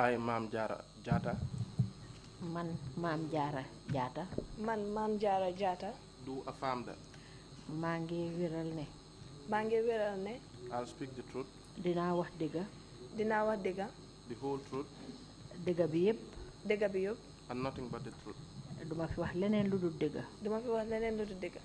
I Mame Diarra Diatta. man Mame Diarra Diatta. man Mame Diarra Diatta. do affirm that. maa ngi wéral ne. maa ngi wéral ne. I'll speak the truth. dinaa wax dëgga. dinaa wax dëgga. the whole truth. dëgga bi yëpp. dëgga bi yëpp. and nothing but the truth. duma fi wax leneen lu dul dëgga. duma fi wax leneen lu dul dëgga.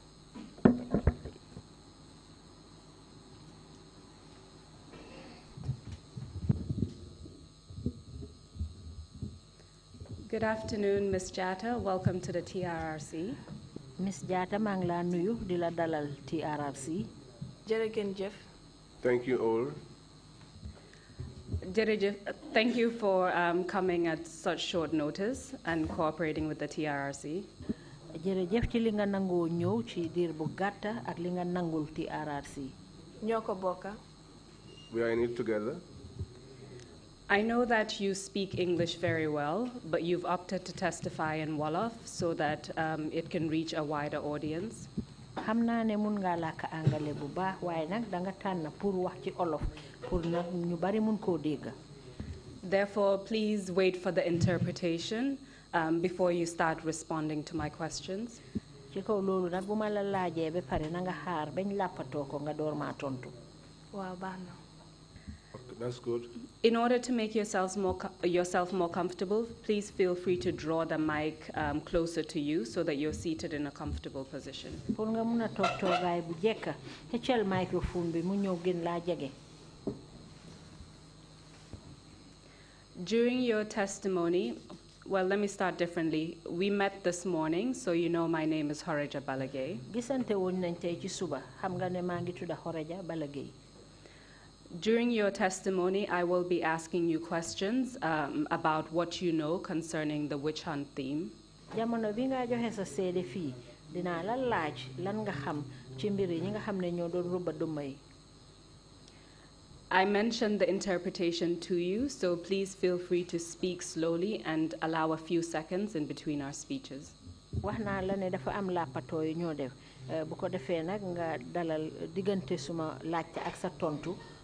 Good afternoon, Ms. Jatta. Welcome to the TRRC. Ms. Jatta, mangla ngi laa nuyu di la dalal TRRC. jërëjëf. Thank you all. Jërëjëf, thank you for um, coming at such short notice and cooperating with the TRRC. jërëjëf ci li nga nangoo ñëw ci diir bu gàtt ak li nga nangul TRRC. ñoo ko We are in it together. I know that you speak English very well, but you've opted to testify in Wolof so that um, it can reach a wider audience. xam naa ne mun ngaa làkk angale bu baax waaye nag danga tànn pour wax ci olof pour nag ñu bari mun koo dégg. Therefore, please wait for the interpretation um, before you start responding to my questions. ci kaw loolu nag bu ma la laajee ba pare na nga xaar bañ làppatoo ko nga door maa tontu. waaw baax na. That's good. In order to make yourselves more yourself more comfortable, please feel free to draw the mic um, closer to you so that you're seated in a comfortable position. During your testimony, well, let me start differently. We met this morning, so you know my name is Horeja Gisante Horeja Balagay. During your testimony, I will be asking you questions um, about what you know concerning the witch hunt theme. I mentioned the interpretation to you, so please feel free to speak slowly and allow a few seconds in between our speeches. Eh, bu ko defee nag nga dalal diggante suma laajte ak sa tontu.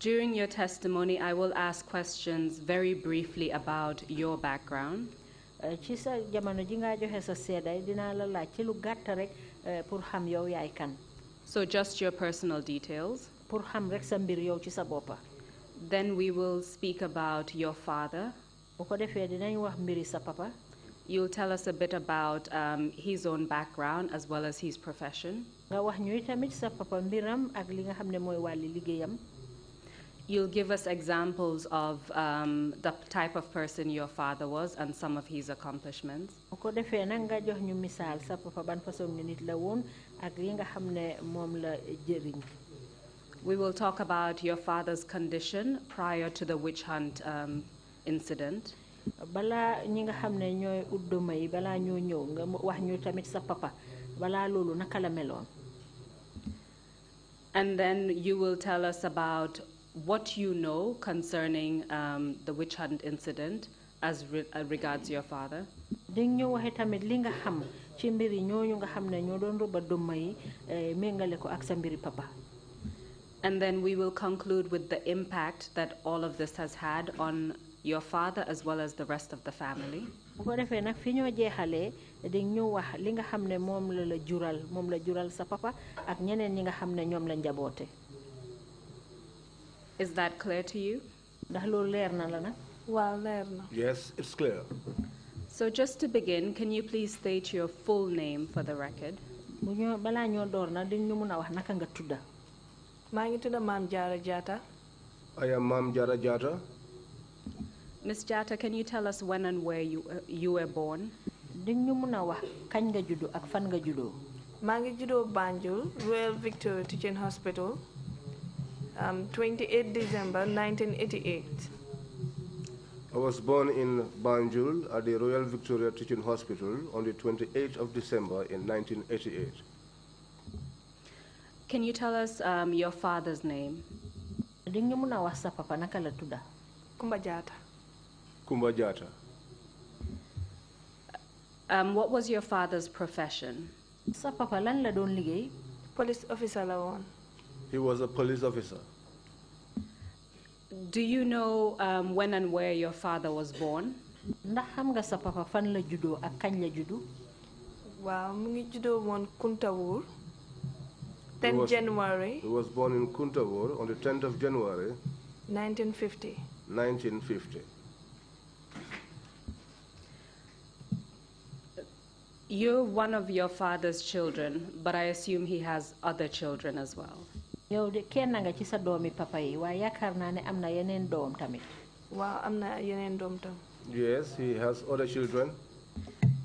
During your testimony, I will ask questions very briefly about your background. Uh, uh, so just your personal details. Then we will speak about your father. You'll tell us a bit about um, his own background as well as his profession you'll give us examples of um, the type of person your father was and some of his accomplishments. nga jox ñu sa papa ban façon nit la woon ak nga la jëriñ. We will talk about your father's condition prior to the witch hunt um, incident. ñi nga ñëw nga wax ñu tamit sa papa naka la meloon. And then you will tell us about what you know concerning um, the witch hunt incident as re uh, regards your father? nga méngale eh, ko papa And then we will conclude with the impact that all of this has had on your father as well as the rest of the family. bu ko is that clear to you? yes it's clear. So just to begin, can you please state your full name for the record? I am Maam Jaara Miss Jata, can you tell us when and where you uh, you were born? dañ ñu Banjul Royal Victoria Teaching Hospital um, 28 December 1988. I was born in Banjul at the Royal Victoria Teaching Hospital on the 28th of December in 1988. Can you tell us um, your father's name? Dingyumuna wasa papa nakalatuda. Kumbajata. Kumbajata. Um, what was your father's profession? Sa papa lan la don ligay? Police officer la one. He was a police officer. Do you know um, when and where your father was born? ndax xam nga sa 10 was, January he was born in Kuntawur on the 10th of January 1950 1950 You're one of your father's children, but I assume he has other children as well nga ci sa doomi papa yi waaye yaakaar naa ne am na yeneen doom tamit. waaw am na yeneen doom tam. yes he has other children.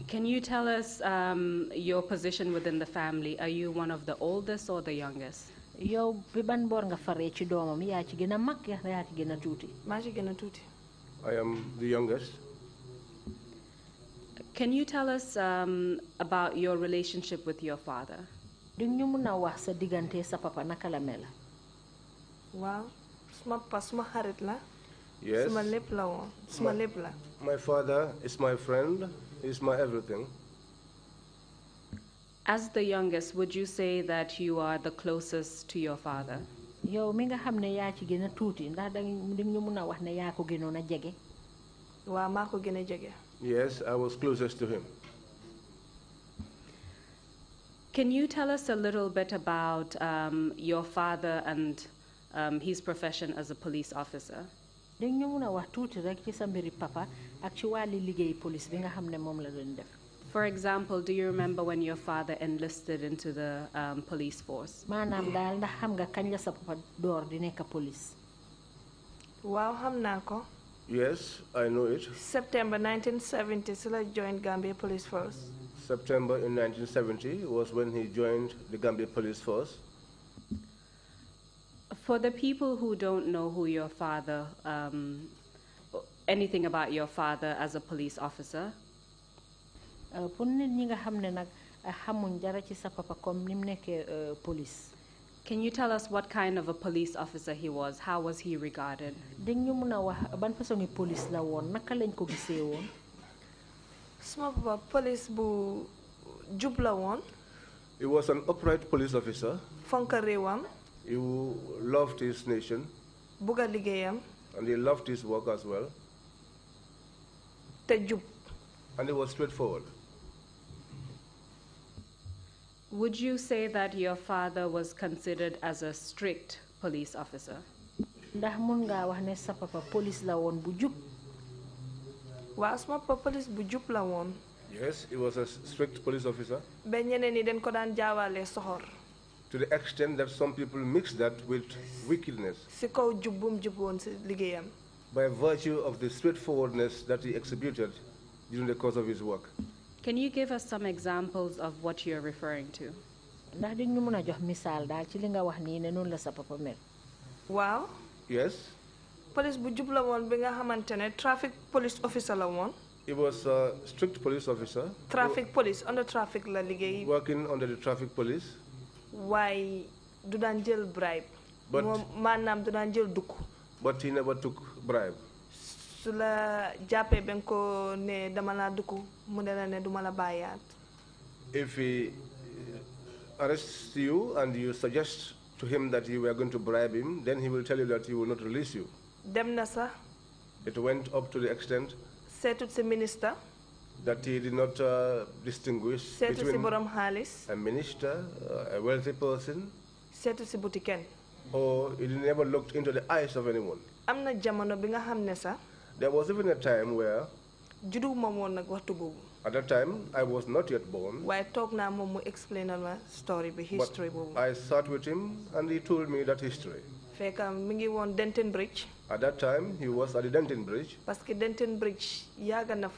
Can you tell us um, your position within the family? Are you one of the oldest or the youngest? yow bi ban boor nga faree ci doomam yaa ci gën a mag yaa ci gën a tuuti. maa ci gën a tuuti. I am the youngest. Can you tell us um, about your relationship with your father? du ñu mun a wax sa diggante sa papa naka la mel. waaw suma papa suma xarit la. yes suma lépp la woon suma lépp la. my father is my friend is my everything. As the youngest, would you say that you are the closest to your father? yow mi nga xam ne yaa ci gën a tuuti ndax da ñu mun a wax ne yaa ko gënoon a jege. waaw maa ko gën a jege. yes I was closest to him. Can you tell us a little bit about um, your father and um, his profession as a police officer? For example, do you remember when your father enlisted into the um, police force? maanaam daal ndax sa papa door police Yes, I know it. September 1970 so la joined Gambia Police Force September in 1970 was when he joined the Gambia Police Force. For the people who don't know who your father, um, anything about your father as a police officer, uh, nag uh, papa uh, police. Can you tell us what kind of a police officer he was? How was he regarded? police suma papa police bu Jubla Won. he was an upright police officer. fonk réewam. he loved his nation. buga a and he loved his work as well. te jub. and he was straightforward. Would you say that your father was considered as a strict police officer? ndax mun wax ne sa papa police la woon bu jub Wasma Purple police bu jub la woon. Yes, he was a strict police officer. ba ñeneen ñi dañ ko daan jaawaale soxor. To the extent that some people mix that with wickedness. si kaw jub bu mu jub si liggéeyam. By virtue of the straightforwardness that he exhibited during the course of his work. Can you give us some examples of what you're referring to? ndax di ñu mën a jox misaal daal ci li nga wax nii ne noonu la sa papa mel. waaw. yes police bu jub la bi nga traffic police officer la woon. He was a strict police officer. Traffic police under traffic la Working under the traffic police. Why du daan jël bribe. but moom du daan jël but he never took bribe. su la jàppee ko ne dama laa dugg mu ne la ne duma la if he arrests you and you suggest to him that you were going to bribe him then he will tell you that he will not release you dem na It went up to the extent. seetut si minister. that he did not uh, distinguish seetu si borom xaalis. a minister uh, a wealthy person. seetu si buti or he never looked into the eyes of anyone. am na jamono bi there was even a time where. juddu ma At that time, I was not yet born. Why talk now, Momo explain our story, the history. But I sat with him, and he told me that history. Fekam ah, mingi won Denton Bridge. At that time, he was at the Denton Bridge. Parce que Denton Bridge yàgg na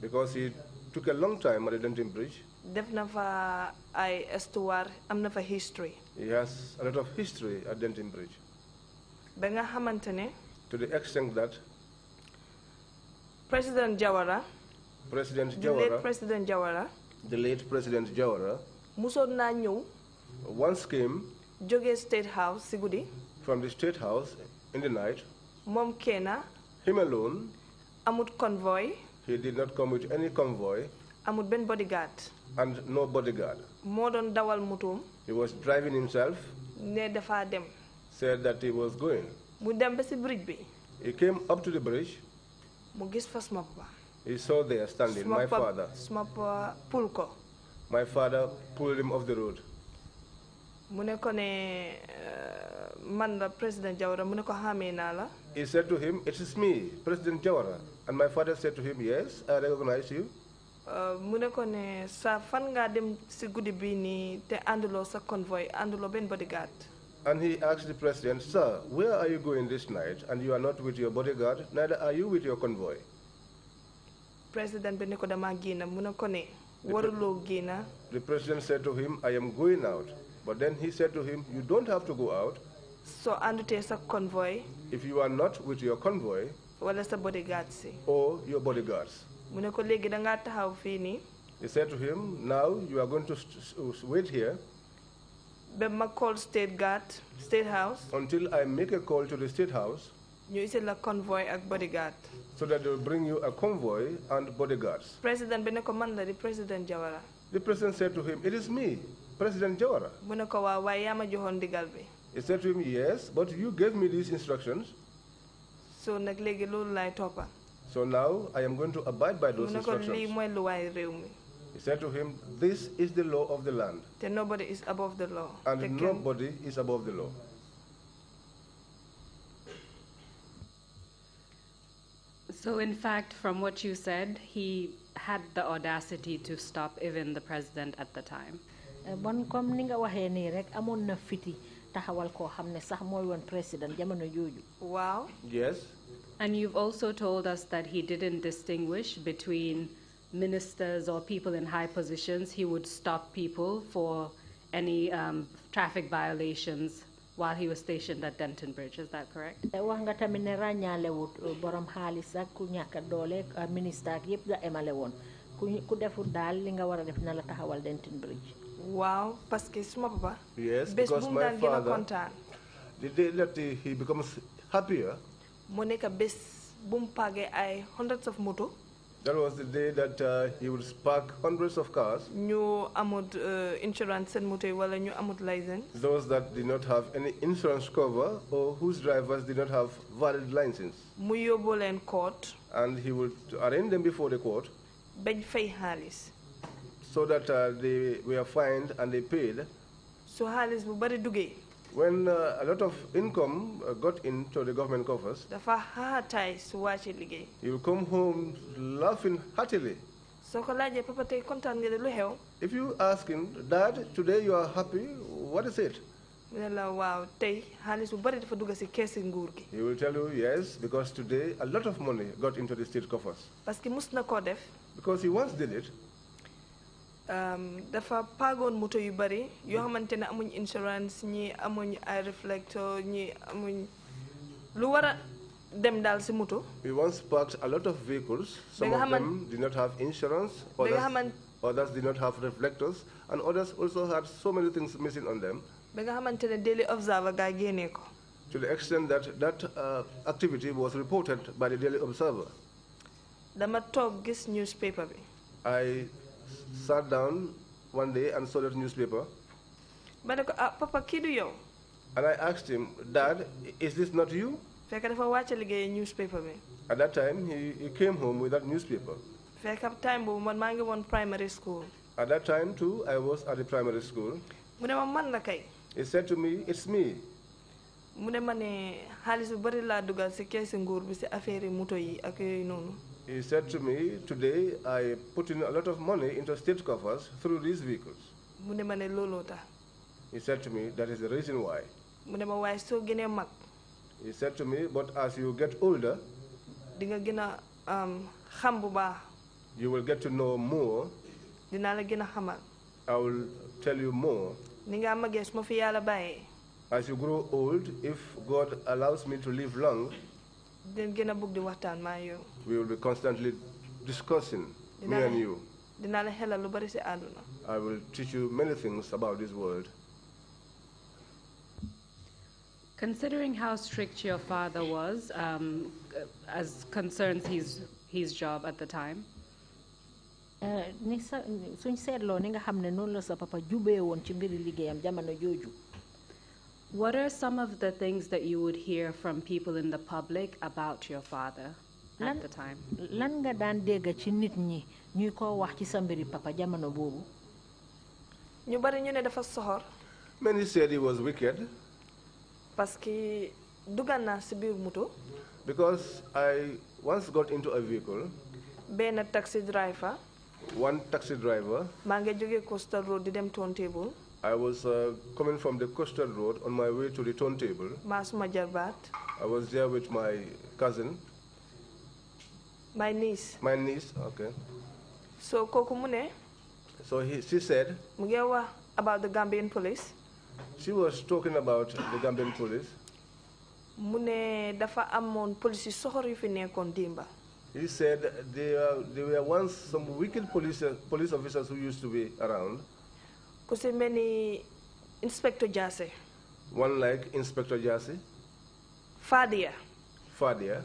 Because he took a long time at the Denton Bridge. Def na fa ay histoire, am na history. He has a lot of history at Denton Bridge. Ba nga To the extent that. President Jawara. President Jawara. The late President Jawara. The late President Jawara. Musoon naa ñëw. Once came. the State House Sigudi From the State House in the night. Mom Kena. him alone. amut convoy. he did not come with any convoy. amut ben bodyguard. and no bodyguard. moo dawal motoom. he was driving himself. ne dafa dem. said that he was going. mu dem bridge bi. he came up to the bridge. mu gis fa suma papa. he saw there standing my father. suma papa pull ko. my father pulled him off the road. mu ne ko ne man President Jawara he said to him it is me President Jawara and my father said to him yes I recognize you. Euh, mu ne sa fan ngaa dem si guddi bii te ànduloo sa convoy ànduloo bodyguard. And he asked the president, Sir, where are you going this night? And you are not with your bodyguard, neither are you with your convoy. President The president said to him, I am going out. But then he said to him, You don't have to go out so a convoy if you are not with your convoy wala sa bodyguards or your bodyguards mu ne ko léegi da he said to him now you are going to wait here ba call state guard state house until i make a call to the state house You isil la convoy ak bodyguard so that they will bring you a convoy and bodyguards president bena ne ko di president Jawara the president said to him it is me president Jawara mu ne ko waaw waaye yaa he said to him, Yes, but you gave me these instructions. So So now I am going to abide by those instructions. He said to him, This is the law of the land. Then nobody is above the law. And nobody is above the law. So, in fact, from what you said, he had the audacity to stop even the president at the time. Eh, taxawal koo xam ne sax mooy woon président jamono jooju. Wow. yes. And you've also told us that he didn't distinguish between ministers or people in high positions. He would stop people for any um, traffic violations while he was stationed at Denton Bridge. Is that correct? wax nga tamit ne ràññaalewut uh, borom xaalis ak ku ñàkk doole uh, ministre ak yëpp la emale woon ku deful daal li nga war def na la taxawal Denton Bridge. Wow, parce que suma papa. yes because my father the day that he becomes happier. mu nekk bés bu mu ay hundreds of moto. That was the day that uh, he would spark hundreds of cars. New amount uh, insurance and wala new amount license. Those that did not have any insurance cover or whose drivers did not have valid license. Muyobolen court. And he would arraign them before the court. Ben fay halis so that uh, they were fined and they paid. So xaalis bu bari When uh, a lot of income uh, got into the government coffers, dafa xaxataay su wàcce He You come home laughing heartily. So papa If you ask him, Dad, today you are happy, what is it? He will tell you yes because today a lot of money got into the state coffers. Because he once did it. Um, dafa moto yu bari amuñ insurance ñi amuñ ay reflector ñi amuñ lu dem moto. we once parked a lot of vehicles. some of them did not have insurance. others others did not have reflectors and others also had so many things missing on them. ba nga Daily Observer ko. to the extent that that uh, activity was reported by the Daily Observer. dama gis newspaper bi. I sat down one day and saw that newspaper. Ah, papa and I asked him dad is this not you. fekk dafa wàcc the newspaper at that time he, he came home with that newspaper. fekk ab time boobu man maa primary school. at that time too I was at the primary school. mu ne ma he said to me it's me. He said to me, today I put in a lot of money into state coffers through these vehicles. He said to me, that is the reason why. He said to me, but as you get older, um, you will get to know more. I will tell you more. As you grow old, if God allows me to live long, we will be constantly discussing, me and you. I will teach you many things about this world. Considering how strict your father was, um, as concerns his his job at the time. suñ eh, ni nga la sa papa ci mbiri liggéeyam jamono What are some of the things that you would hear from people in the public about your father? at the time lan nga daan dégg ci nit ñi ñuy ko wax ci sa mbiri papa jamono boobu ñu bari ñu ne dafa soxor many said he was wicked parce que dugal naa si biir moto because I once got into a vehicle benn taxi driver one taxi driver maa ngi jóge Coastal Road di dem Turntable I was uh, coming from the Coastal Road on my way to the turntable. Mas Majarbat. I was there with my cousin. My niece. My niece, okay. So Kokumune? So he, she said. Mugewa about the Gambian police. She was talking about the Gambian police. Mune dafa amon police yu soxor yu fi nekkoon démba. He said there there were once some wicked police police officers who used to be around. ku many inspector Jase. One like Inspector Jase. Fadia. Fadia.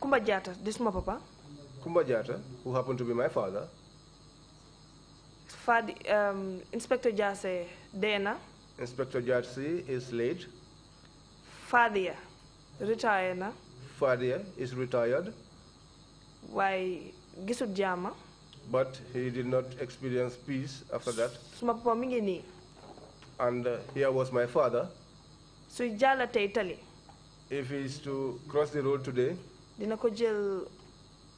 Kumba Jata, this is my papa. Kumba Jata, who happened to be my father. Fadi, um, Inspector Jase, Dena. Inspector Jase is late. Fadia, retired na. Fadia is retired. Why, Gisut Jama. But he did not experience peace after that. Suma papa mingi And uh, here was my father. So Italy. If he is to cross the road today dina ko jël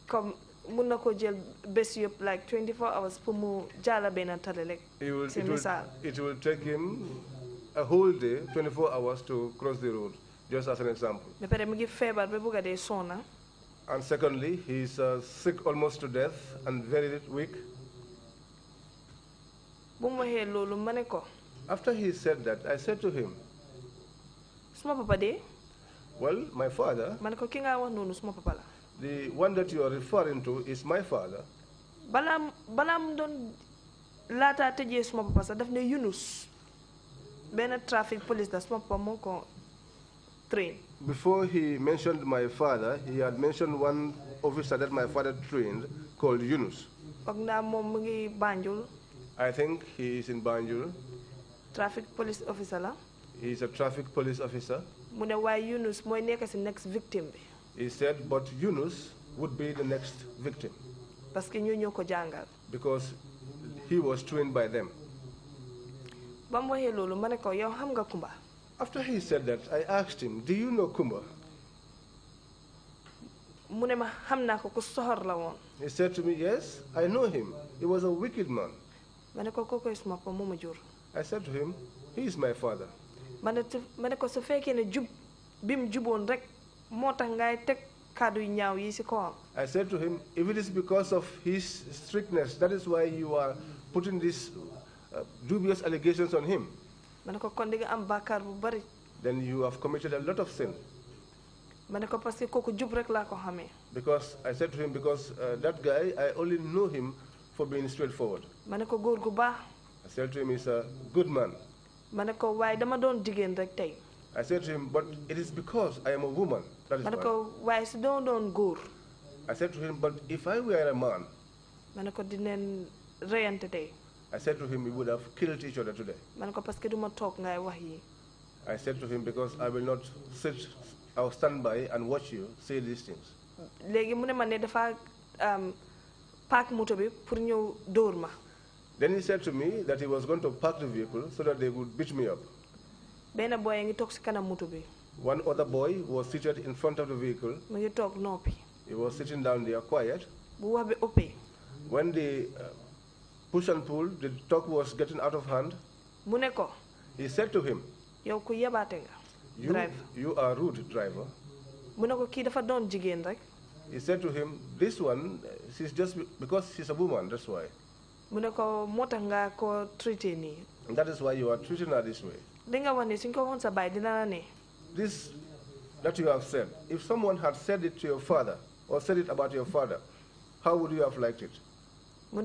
comme mun na ko jël bés yëpp like 24 hours pour mu jaala benn tali rek. si misaal it will take him a whole day 24 hours to cross the road just as an example. ba pare mu ngi feebar ba bugg dee soona. And secondly, he is uh, sick almost to death and very weak. After he said that, I said to him, well, my father. Man ko kinga wa nunu papa la. The one that you are referring to is my father. Balam balam don lata teje suma papa sa daf Yunus. Ben traffic police da papa mo ko train. Before he mentioned my father, he had mentioned one officer that my father trained called Yunus. Pagna mo mungi Banjul. I think he is in Banjul. Traffic police officer la. He is a traffic police officer mu ne Yunus mooy nekk si next victim bi. he said but Yunus would be the next victim. parce que ñoo ñoo ko jàngal. because he was trained by them. ba mu waxee loolu ma ne ko yow xam nga Kumba. after he said that I asked him do you know Kumba. mu ne ma xam naa ko ku soxor la woon. he said to me yes I know him he was a wicked man. ma ne ko kooku suma papa moo ma jur. I said to him he is my father ko su ne rek ngay kàddu ñaaw yi I said to him if it is because of his strictness that is why you are putting these uh, dubious allegations on him. ko kon am bu bari. then you have committed a lot of sin. ko parce que rek ko because I said to him because uh, that guy I only know him for being straightforward. ma ko gu baax. I said to him he's a good man ma ne ko waaye dama doon jigéen rek tey. I said to him, but it is because I am a woman. That is ma ne ko waaye si doon doon I said to him, but if I were a man. manako ne ko dinañ reyante tey. I said to him, we would have killed each other today. manako ne ko parce que du ngay wax yi. I said to him, because I will not sit, I will stand by and watch you say these things. léegi mu ne ma ne dafa um, moto bi pour ñëw dóor ma. Then he said to me that he was going to park the vehicle so that they would beat me up. one other boy was seated in front of the vehicle. he was sitting down there quiet. when the uh, push and pull the talk was getting out of hand. he said to him. you you are rude driver. he said to him this one she's just because she's a woman that's why ko that is why you are treating her this way. ne. this that you have said if someone had said it to your father or said it about your father how would you have liked it. ne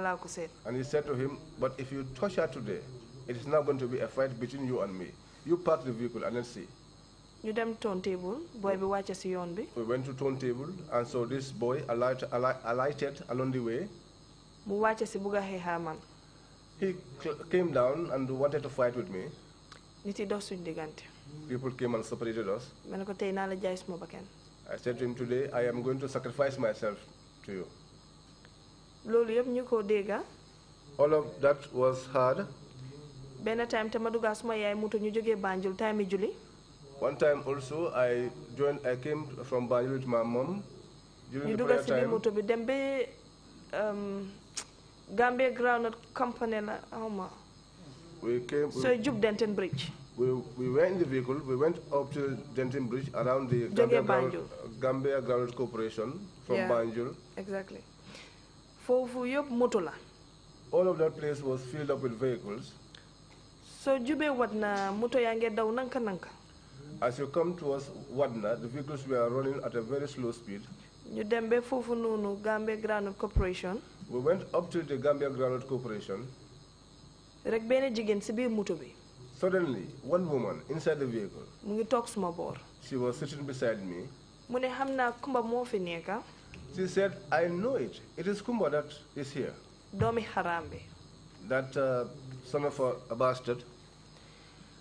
la ko and he said to him but if you touch her today it is now going to be a fight between you and me you park the vehicle and let's see turntable boy we went to turntable and so this boy alighted, alighted along the way. mu wàcce si bugg a he came down and wanted to fight with me. people came and separated us. la I said to him today I am going to sacrifice myself to you. Lolo yëpp ñu ko ah. all of that was hard. time yaay ñu Banjul time one time also, I joined, I came from Banjul with my mom during you the prayer time. You do dem be um, Gambia Groundnut Company na homa. We came. We, so Jub Denton Bridge. We we went in the vehicle. We went up to Denton Bridge around the Gambia, Ground, Gambia Groundnut Corporation from yeah, Banjul. Exactly. for your motola. All of that place was filled up with vehicles. So you be Jube watna moto yange daw nanka nanka. As you come towards Wadna, the vehicles were running at a very slow speed. Gambia Groundnut Corporation. we went up to the Gambia Granite Corporation. suddenly one woman inside the vehicle. mu ngi she was sitting beside me. Kumba she said I know it it is Kumba that is here. Domi harambi. that uh, son of a bastard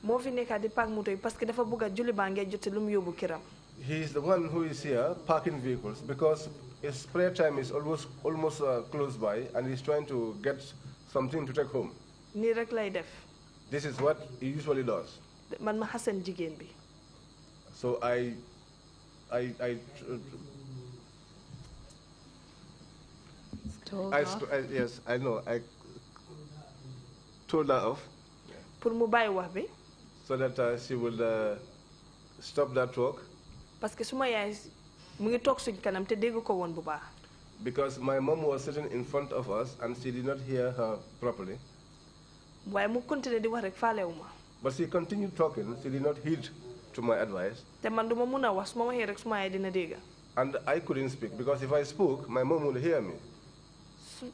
moo fi nekkaa di park moto yi parce que dafa bëgg a julli baa ngee jote lu mu yóbbu këram. he is the one who is here parking vehicles because his prayer time is almost almost uh, close by and he is trying to get something to take home. nii rek lay def. this is what he usually does. man ma xasan jigéen bi. so I I I. I, I yes I know I told her off. pour mu bàyyi wax bi. So that uh, she will uh, stop that work. Because my mom was sitting in front of us and she did not hear her properly. But she continued talking. She did not heed to my advice. And I couldn't speak because if I spoke, my mom would hear me.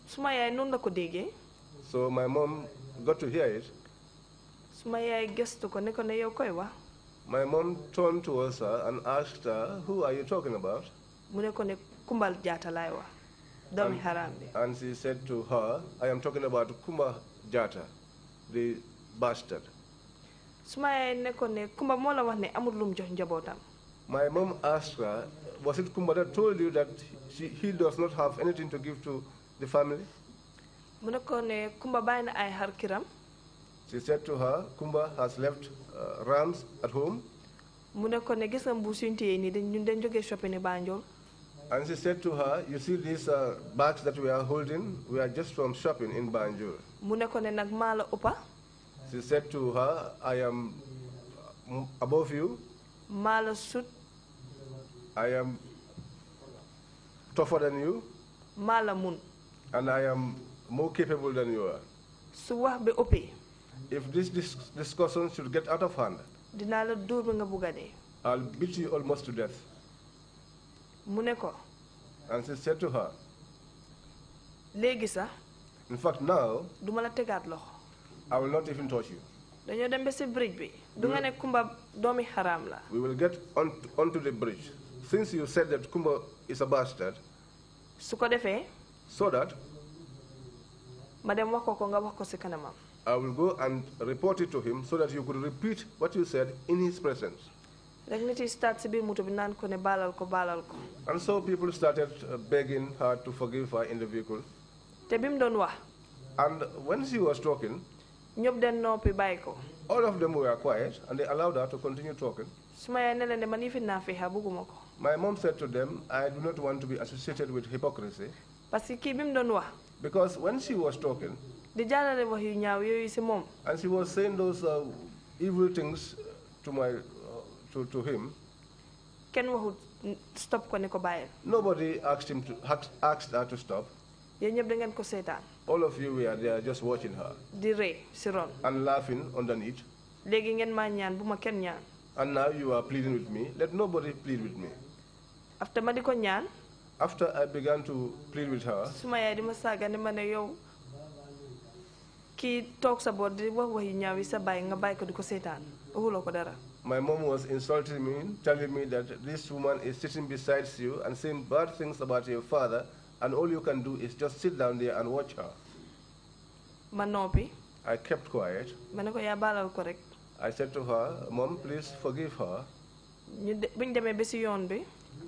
So my mom got to hear it. My mom turned towards her uh, and asked her, uh, who are you talking about? mu ne ko ne And she said to her, I am talking about Kumba the bastard. My mom asked her, was it Kumba that told you that she, he does not have anything to give to the family? She said to her, Kumba has left uh, Rams at home. And she said to her, you see these uh, bags that we are holding, we are just from shopping in Banjul. She said to her, I am mm, above you. I am tougher than you. And I am more capable than you are if this dis discussion should get out of hand, dinaa la dóor a dee. I'll beat you almost to death. mu And she said to her. léegi In fact now. du ma I will not even touch you. dañoo dem ba si Kumba doomi xaraam We will get on onto the bridge. Since you said that Kumba is a bastard. su ko so that. ma dem wax ko ko I will go and report it to him so that you could repeat what you said in his presence. And so people started uh, begging her to forgive her in the vehicle. And when she was talking, all of them were quiet and they allowed her to continue talking. My mom said to them, I do not want to be associated with hypocrisy. Because when she was talking, and she was saying those uh, evil things uh, to my uh, to to him. Can we stop ko nobody asked him to asked her to stop. all of you were there just watching her. di and laughing underneath. and now you are pleading with me let nobody plead with me. after ma after I began to plead with her. suma ne kii talks about the di wax wax yu sa baay nga ko ko dara. My mom was insulting me, telling me that this woman is sitting beside you and saying bad things about your father, and all you can do is just sit down there and watch her. Ma I kept quiet. Ma ne ko ko rek. I said to her, Mom, please forgive her. ñu de bu ñu demee yoon bi.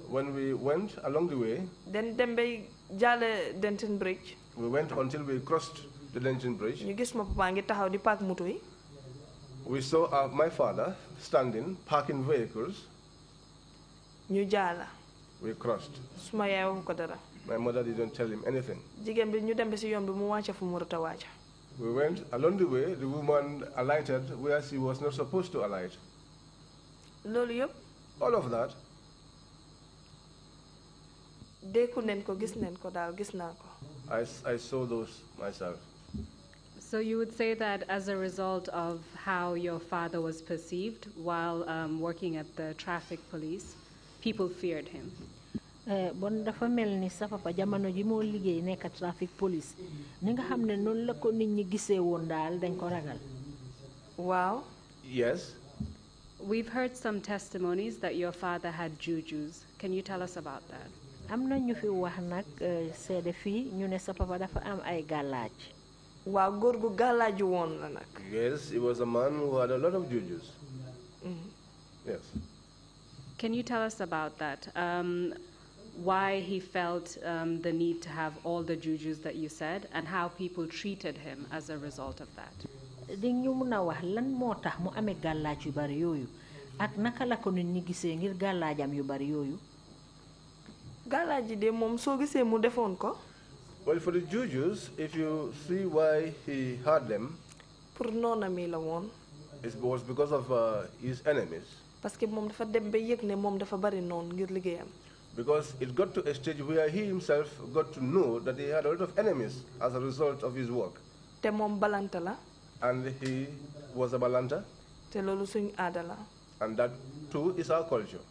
When we went along the way. Then dem jale Denton Bridge. We went until we crossed the Lenjin Bridge. we saw uh, my father standing parking vehicles. we crossed. my mother didn't tell him anything. We went along the way, the woman alighted where she was not supposed to alight. all of that. I, I saw those myself. So you would say that as a result of how your father was perceived while um, working at the traffic police, people feared him. Eh, bon dafa mel ni sa papa jamono ji moo liggéey nekk traffic police ni nga xam ne noonu la ko nit ñi gisee woon daal dañ ko ragal. Wow. Yes. We've heard some testimonies that your father had jujus. Can you tell us about that? am na ñu fi wax nag eh, seede fii ñu ne sa papa dafa am ay gàllaaj waa góor gu gàllaaju yes he was a man who had a lot of jujus. Mm-hmm. yes. Can you tell us about that? Um, why he felt um, the need to have all the jujus that you said and how people treated him as a result of that? dañ ñu mën a wax lan moo tax mu amee gàllaaj ak naka la ko nit ñi gisee ngir gàllaajam yu bari yooyu. gàllaaj de moom soo gisee mu defoon ko. Well, for the jujus, if you see why he had them, pour noonami la woon. it was because of uh, his enemies. parce que moom dafa dem ba yëg ne moom dafa bari noon ngir liggéeyam. because it got to a stage where he himself got to know that he had a lot of enemies as a result of his work. te moom balanta la. and he was a balanta. te loolu suñ aada and that too is our culture.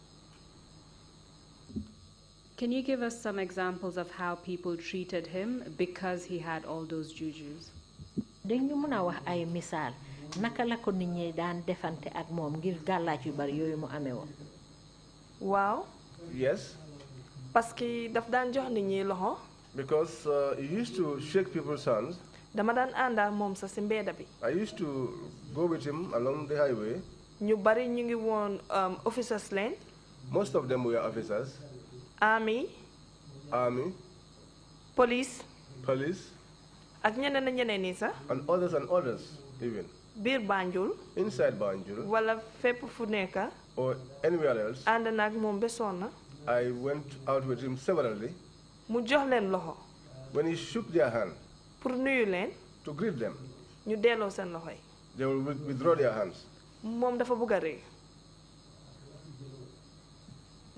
Can you give us some examples of how people treated him because he had all those jujus? dañu mën a wax ay misaal naka la ko nit ñi daan defante ak moom ngir gàllaaj yu bari yooyu mu amee woon. waaw. yes. parce que daf daan jox nit ñi loxo. because uh, he used to shake people's hands. dama daan anda moom sa si mbedda bi. I used to go with him along the highway. ñu bari ñu ngi woon um, officers leen. most of them were officers army army police police ak ñeneen ak ñeneen and others and others even biir Banjul inside Banjul wala fépp fu nekk or anywhere else ànd naag moom I went out with him severally mu jox leen loxo when he shook their hand pour nuyu leen to greet them ñu delloo seen loxo yi they will withdraw their hands moom dafa bëgg a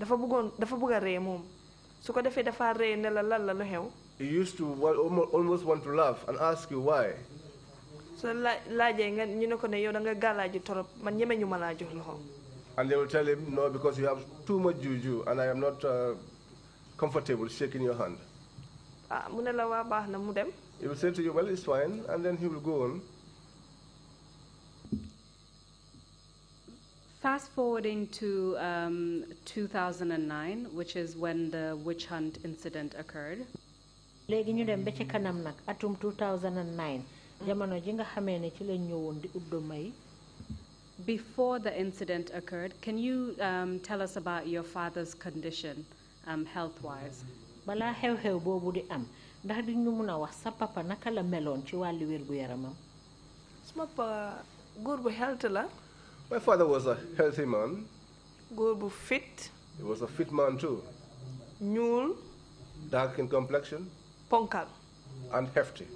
dafa bëggoon dafa bëgg a moom su ko defee dafa ne la lan la lu xew. he used to almost want to laugh and ask you why. so la laajee nga ñu ne ko ne yow da nga gàllaaju torop man ñeme ñu ma laa jox loxo. and they will tell him no because you have too much juju and I am not uh, comfortable shaking your hand. ah mu ne la waa baax na mu dem. he will say to you well it's fine and then he will go on. fast forwarding to um, 2009, which is when the witch hunt incident occurred. ñu dem ba ci kanam nag atum 2009 jamono ji nga xamee ne ci la ñëwoon di may. Before the incident occurred, can you um, tell us about your father's condition um, health-wise? balaa xew-xew boobu di am ndax di ñu mun a wax sa papa naka la meloon ci wer wér-gu-yaramam. góor bu health la. My father was a healthy man. Good, bu fit. he was a fit man too. ñuul. dark in complexion. ponkal. and hefty.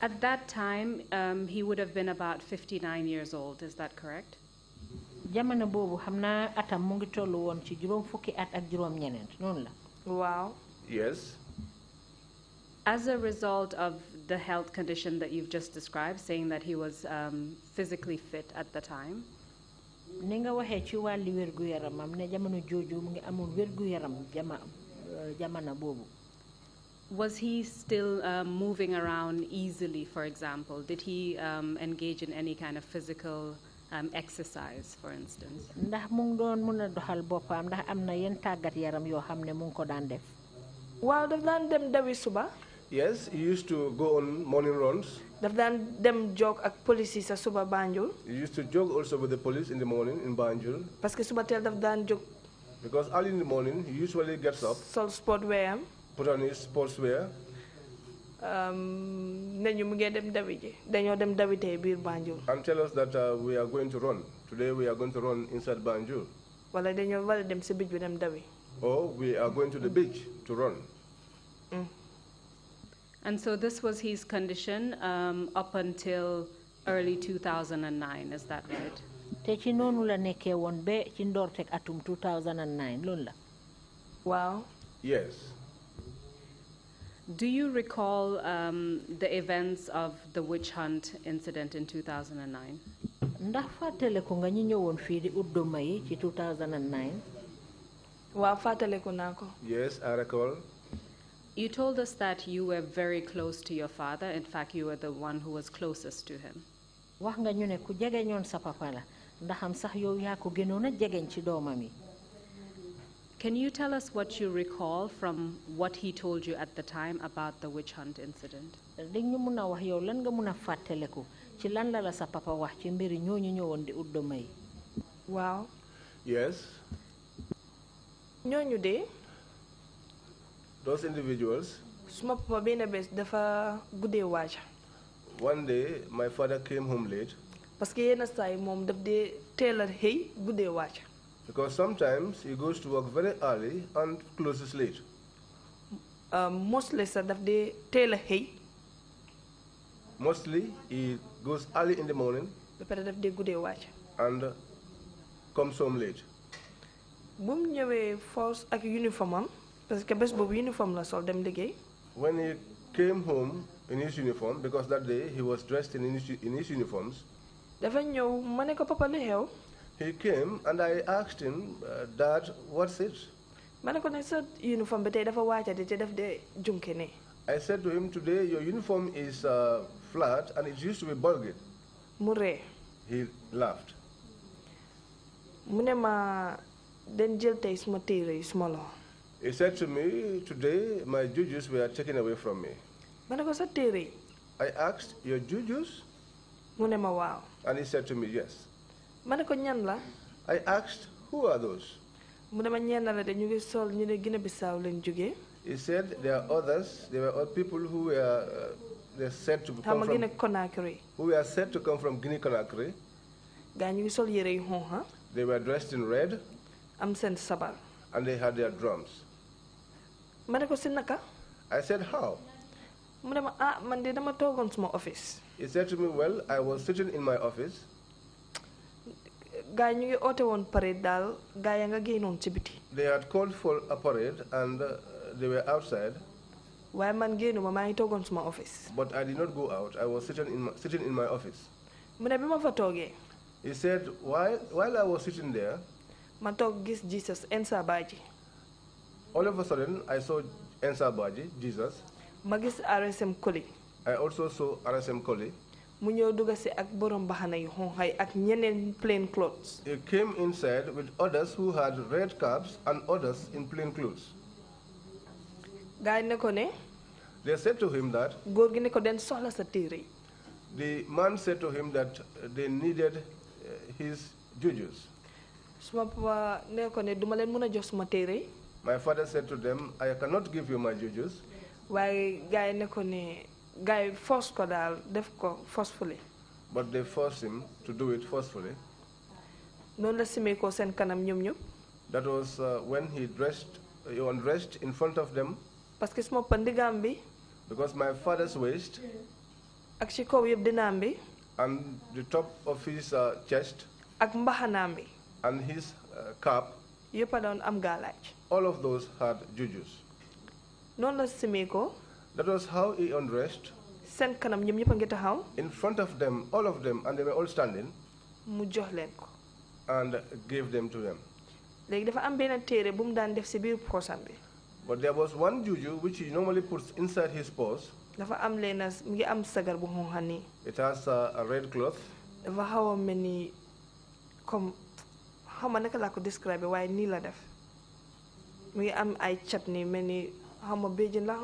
At that time, um, he would have been about 59 years old, is that correct? Wow. Yes. As a result of the health condition that you've just described, saying that he was um, physically fit at the time? ci wàlli wérgu yaramam ne jamono jooju mu ngi amoon wérgu yaram jama eh, boobu was he still um, moving around easily for example did he um, engage in any kind of physical um, exercise for instance ndax mu ngi doon a doxal boppam ndax am na yenn tàggat yaram yoo xam ne mu ngi ko daan def waaw daf daan dem dawi suba Yes, he used to go on morning runs. Then daan joke jog police is a suba Banjul. He used to jog also with the police in the morning in Banjul. Parce suba tell them jog. Because early in the morning he usually gets up. So sport wear Put on his sports wear. Um, nañu mu ngee dem dawi ji dañoo them dawi tey biir Banjul. And tell us that uh, we are going to run. Today we are going to run inside Banjul. Wala dañoo wala dem si beach with them dawi. Oh, we are going to the beach to run. Mm. And so this was his condition um, up until early 2009, is that right? te ci noonu la nekkee woon ba ci ndoorteg atum 2009 loolu la. waaw. yes. Do you recall um, the events of the witch hunt incident in 2009? ndax fàttaleku nga ñi ñëwoon fii di ut duma ci 2009. waaw fàttaleku naa ko. yes I recall. You told us that you were very close to your father. In fact, you were the one who was closest to him. Can you tell us what you recall from what he told you at the time about the witch hunt incident? Well, Yes. yes those individuals. one day my father came home late. because sometimes he goes to work very early and closes late. Um, mostly daf mostly he goes early in the morning. ba pare daf dee guddee and comes home late. force ak am parce que bés uniform la sol dem liggéey. when he came home in his uniform because that day he was dressed in his, in his uniforms. dafa ñëw ma ne ko papa xew. he came and I asked him, uh, Dad, what's it? I said to him, Today your uniform is uh, flat and it used to be bulged. Mure. He laughed. Munema, then jil is smaller. He said to me, Today my jujus were taken away from me. I asked, Your jujus? And he said to me, Yes. I asked, Who are those? He said, There are others, there were other people who were. Uh, they said to come from who were said to come from Guinea Conakry. They were dressed in red. am And they had their drums ko ah? I said how. mu ne ma ah man de dama suma office. he said to me well I was sitting in my office. ñu ngi oh, parade ci biti. they had called for a parade and uh, they were outside. Why man génnuma maa ngi toogoon suma office. but I did not go out I was sitting in my, sitting in my office. fa he said while while I was sitting there. ma toog gis Jesus and Sabaji all of a sudden, I saw Ensa Baji, Jesus. Magis RSM Koli. I also saw RSM Koli. mu ñëw dugg si ak borom baxana yu xonq ak ñeneen plain clothes. he came inside with others who had red caps and others in plain clothes. gars ne ko ne. they said to him that. góor gi ne ko den soxla sa téere the man said to him that they needed uh, his jujus. suma papa ne ko ne duma leen mën a jox suma téere yi. My father said to them, I cannot give you my jujus. Why guy yi ne ko ne gars yi forcefully. but they forced him to do it forcefully. noonu la kose ko seen kanam that was uh, when he dressed he undressed in front of them. parce que because my father's waist. ak ci kaw and the top of his uh, chest. ak mbaxanaam and his uh, cap yëpp pardon, i am galaaj. All of those had jujus. No, la simee That was how he undressed. seen kanam taxaw. In front of them all of them and they were all standing. mu jox leen ko. And gave them to them. léegi dafa am benn téere bu mu daan def si biir poosam bi. But there was one juju which he normally puts inside his purse. dafa am leen mu ngi am sagar bu xonxa nii. It has a red cloth. dafa xaw a mel ni comme how ma naka laa ko describe waaye nii la def am ay cat ni la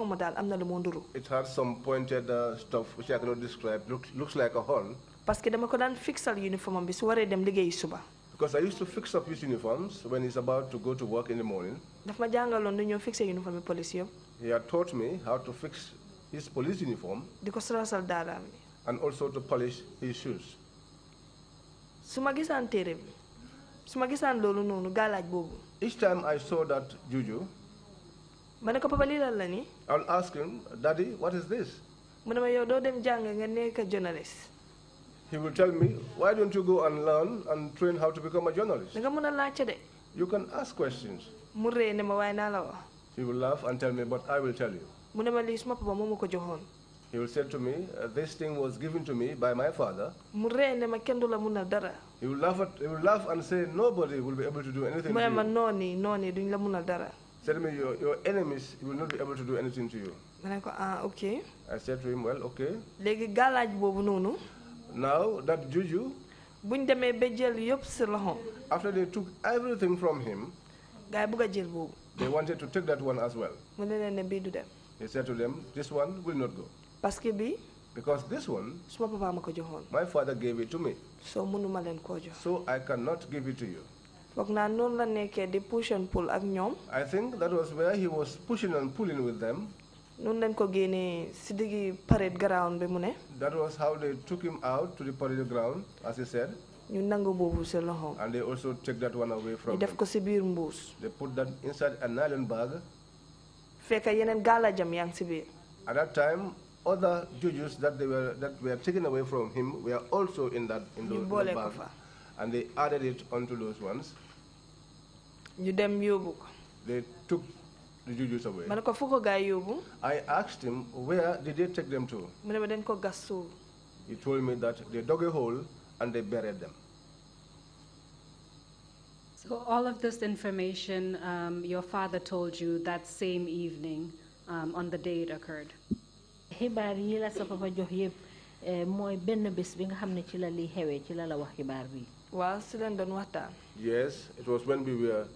lu nduru. it has some pointed uh, stuff which I cannot describe looks like a horn. parce que dama ko fixal bi su dem suba. because I used to fix up his uniforms when he's about to go to work in the morning. daf ma jàngaloon nu uniforme police he had taught me how to fix his police uniform. di sarasal daaraam. and also to polish his shoes. su bi each time I saw that juju. I will ask him daddy what is this. He will tell me why don't you go and learn and train how to become a journalist. You can ask questions. He will laugh and tell me but I will tell you he will say to me, uh, this thing was given to me by my father. He will laugh, at, he will laugh and say, nobody will be able to do anything to you. Said to me, your, your enemies will not be able to do anything to you. Uh, okay. I said to him, well, okay. Now, that juju, after they took everything from him, they wanted to take that one as well. He said to them, this one will not go parce que bi because this one suma papa my father gave it to me so jox so i cannot give it to you foog naa la di push and pull ak i think that was where he was pushing and pulling with them noonu lañ ko génnee si diggi parade ground bi that was how they took him out to the parade ground as he said ñu and they also took that one away from def ko si they put that inside an nylon bag jam at that time other Jews that they were that were taken away from him were also in that in those in and they added it onto those ones. They took the Jews away. I asked him where did they take them to. He told me that they dug a hole and they buried them. So all of this information um, your father told you that same evening um, on the day it occurred xibaar yi la sa papa jox yëpp eh, mooy benn bés bi nga xam ne ci la li xewee ci la la wax xibaar bi. waaw si leen doon waxtaan. yes it was when we were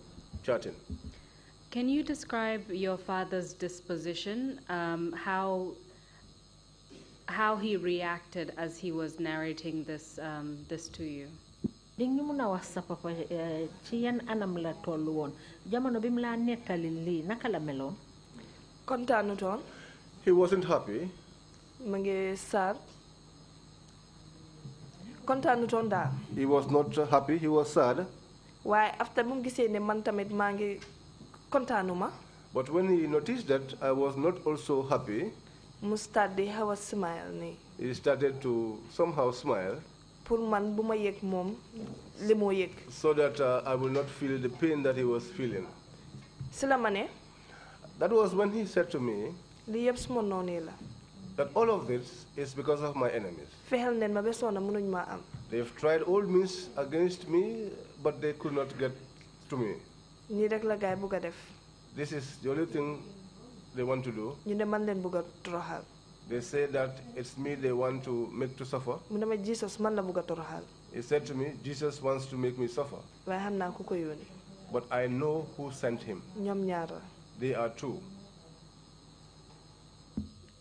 chatting. can you describe your father's disposition um, how how he reacted as he was narrating this um, this to you. di ñu mun a wax sa papa eh, ci yan anam la tollu woon jamono bi mu laa nettali lii naka la meloon. kontaanu he wasn't happy. Mangi sad. kontaanutoon daal. He was not happy, he was sad. Why? after bu mu ne man tamit mangi ngi But when he noticed that I was not also happy, musta de he was smile nii. He started to somehow smile. pour man bu ma yëg moom li So that uh, I will not feel the pain that he was feeling. si That was when he said to me. But that all of this is because of my enemies. they have tried all means against me but they could not get to me. this is the only thing they want to do. They say that it's me they want to make to suffer. He said to me, Jesus wants to make me suffer. But I know who sent him. They are two.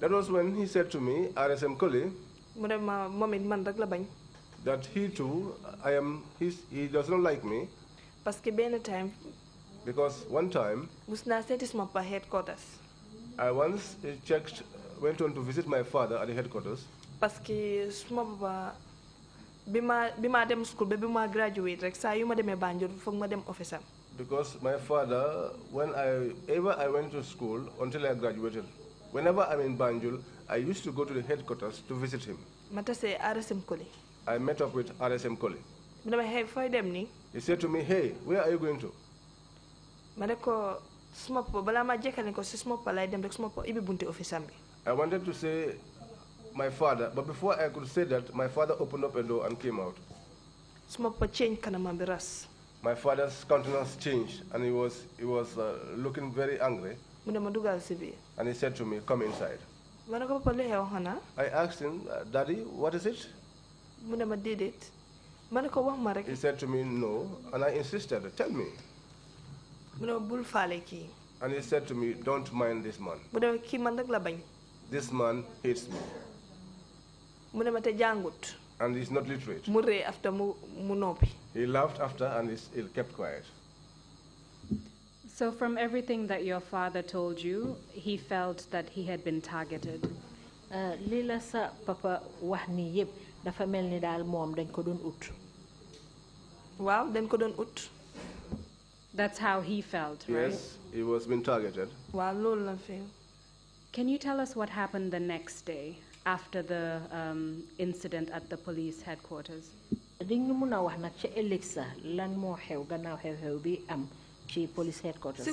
That was when he said to me, RSM Koli, that he too, I am, he's, he does not like me. because one time, headquarters. I once eh, checked, went on to visit my father at the headquarters. Because my father, when I ever I went to school until I graduated. Whenever I'm in Banjul, I used to go to the headquarters to visit him. Matase RSM Koli. I met up with RSM Koli. He said to me, hey, where are you going to? smopo balama ko smopo dem smopo ibi I wanted to say my father, but before I could say that, my father opened up a door and came out. Smopo change My father's countenance changed and he was he was uh, looking very angry. Muna and he said to me, Come inside. I asked him, uh, Daddy, what is it? He said to me, No, and I insisted, Tell me. And he said to me, Don't mind this man. This man hates me. And he's not literate. He laughed after and he kept quiet. So, from everything that your father told you, he felt that he had been targeted. Uh, li sa papa wah ni yëpp dafa mel ni daal moom dañ ko doon ut. Wow, den ko doon ut. That's how he felt, right? Yes, he was being targeted. waaw loolu la feel. Can you tell us what happened the next day after the um, incident at the police headquarters? di ñu na a wax nag ca lan mo xew ganaw xew-xew bi am ci police headquarters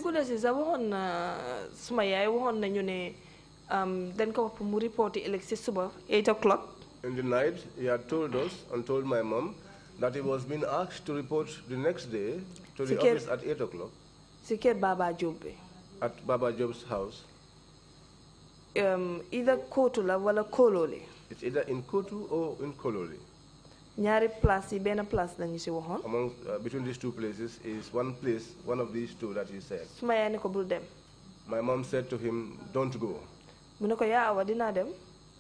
suma yaay nañu ne um, dañ ko wax mu suba 8 o'clock in the night he had told us and told my mom that he was being asked to report the next day to the office at 8 o'clock si Baba Job at Baba Job's house um, either Kotu la wala Kololi it's either in Kotu or in Kololi ñaari place yi benn place la ñu si waxoon. among uh, between these two places is one place one of these two that you said. suma yaay ne ko bul dem. my mom said to him don't go. mu ne ko yaa awa dinaa dem.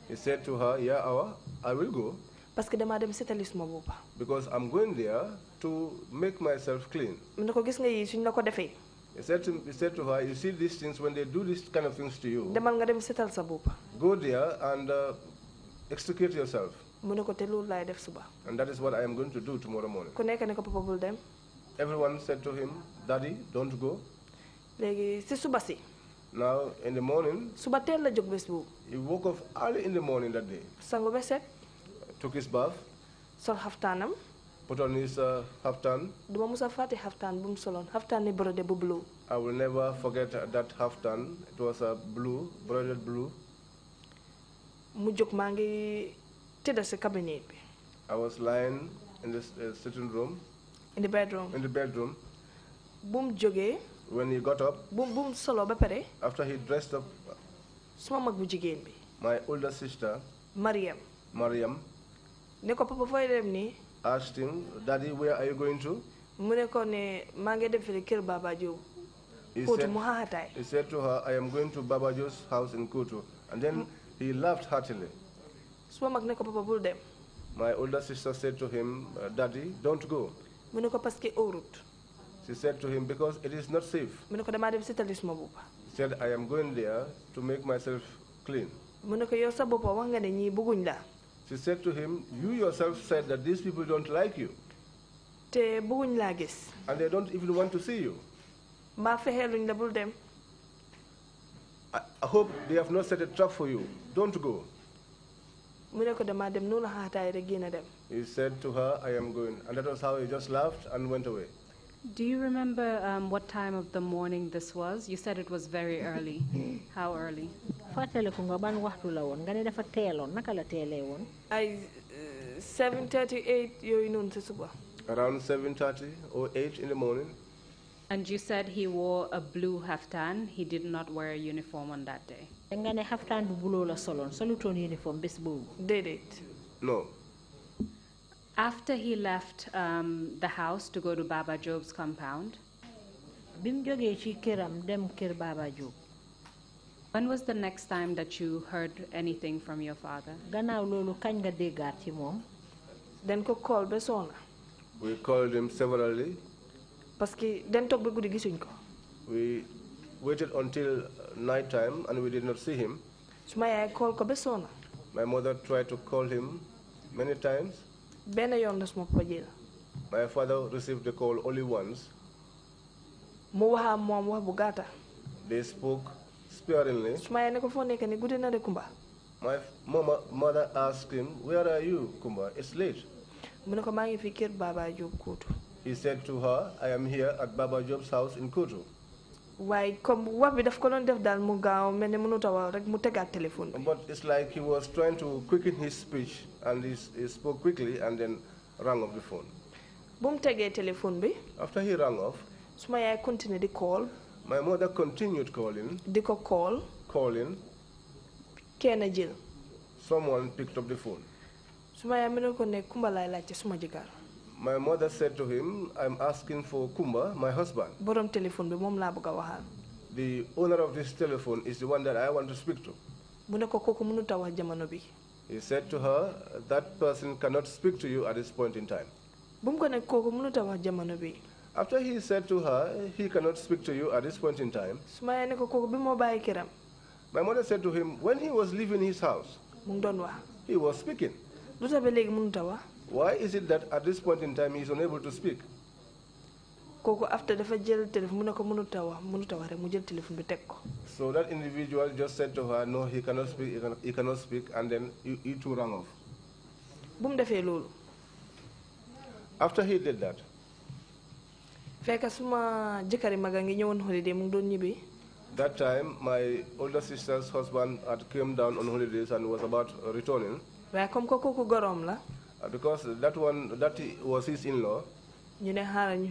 he said to her yaa awa I will go. parce que damaa dem suma boppa. because I'm going there to make myself clean. mu ne ko gis nga yii suñ la ko defee. He said, to, he said to her, You see these things when they do these kind of things to you. Go there and uh, extricate yourself mu ne ko def suba. and that is what I am going to do tomorrow morning. ku nekk ne ko papa bul dem. everyone said to him daddy don't go. léegi si suba si. now in the morning. suba teel la jóg bés boobu. he woke up early in the morning that day. sangu ba took his bath. sol xaftaanam. put on his uh, haftan. Duma musa fati haftan bum solon. Haftan ni brode bu blue. I will never forget that haftan. It was a blue, broidered blue. Mujuk mangi cabinet I was lying in the uh, sitting room. in the bedroom. in the bedroom. Boom, joge. when he got up. Boom, boom, solo bapere. after he dressed up. suma mag bu bi. my older sister. Mariam. Mariam. ne ko papa fooy dem asked him daddy where are you going to. mu ne ko ne maa dem Baba he said he said to her I am going to Baba house in Kutu, and then he laughed heartily. My older sister said to him, uh, Daddy, don't go. She said to him, Because it is not safe. He said, I am going there to make myself clean. She said to him, You yourself said that these people don't like you. And they don't even want to see you. I hope they have not set a trap for you. Don't go. He said to her, I am going. And that was how he just laughed and went away. Do you remember um, what time of the morning this was? You said it was very early. How early? uh, 7.38 yooyu noonu sa suba. Around 7.30 or 8 in the morning. And you said he wore a blue haftan. He did not wear a uniform on that day nga ne xaftaan bu buloo la soloon solutoon uniform bés boobu. déedéet. non. after he left um, the house to go to Baba Job's compound. bim jógee ci këram dem kër Baba Job. When was the next time that you heard anything from your father? Gannaaw loolu kañ nga déggaat ci moom. Dañ ko call ba We called him severally. Parce que dañ toog ba guddi gisuñ ko. We waited until night time and we did not see him. My mother tried to call him many times. My father received the call only once. They spoke sparingly. My mother asked him, Where are you, Kumba? It's late. He said to her, I am here at Baba Job's house in Kutu. Why? comme wax bi daf ko doon def daal mu gaaw mel ne rek mu téléphone but it's like he was trying to quicken his speech and he spoke quickly and then rang off the phone. bu mu téléphone bi. after he rang off. suma yaay continué di call. my mother continued calling. di call. calling. kenn jël. someone picked up the phone. suma yaay mi ne ko ne Kumba laay laajte suma my mother said to him, I'm asking for Kumba, my husband. Borom telephone bi mom la bëgg waxal. The owner of this telephone is the one that I want to speak to. Mu ne ko koku mënu taw jamono bi. He said to her, that person cannot speak to you at this point in time. Bum ko ne koku mënu taw jamono bi. After he said to her, he cannot speak to you at this point in time. Suma ne ko koku bi mo kiram. My mother said to him, when he was leaving his house, he was speaking. tabe legi mënu taw why is it that at this point in time he is unable to speak? after so that individual just said to her no he cannot speak he cannot, he cannot speak and then he, he too rang off. after he did that. that time my older sister's husband had came down on holidays and was about returning. waaye comme Koko kooku uh, because that one, that was his in-law. ne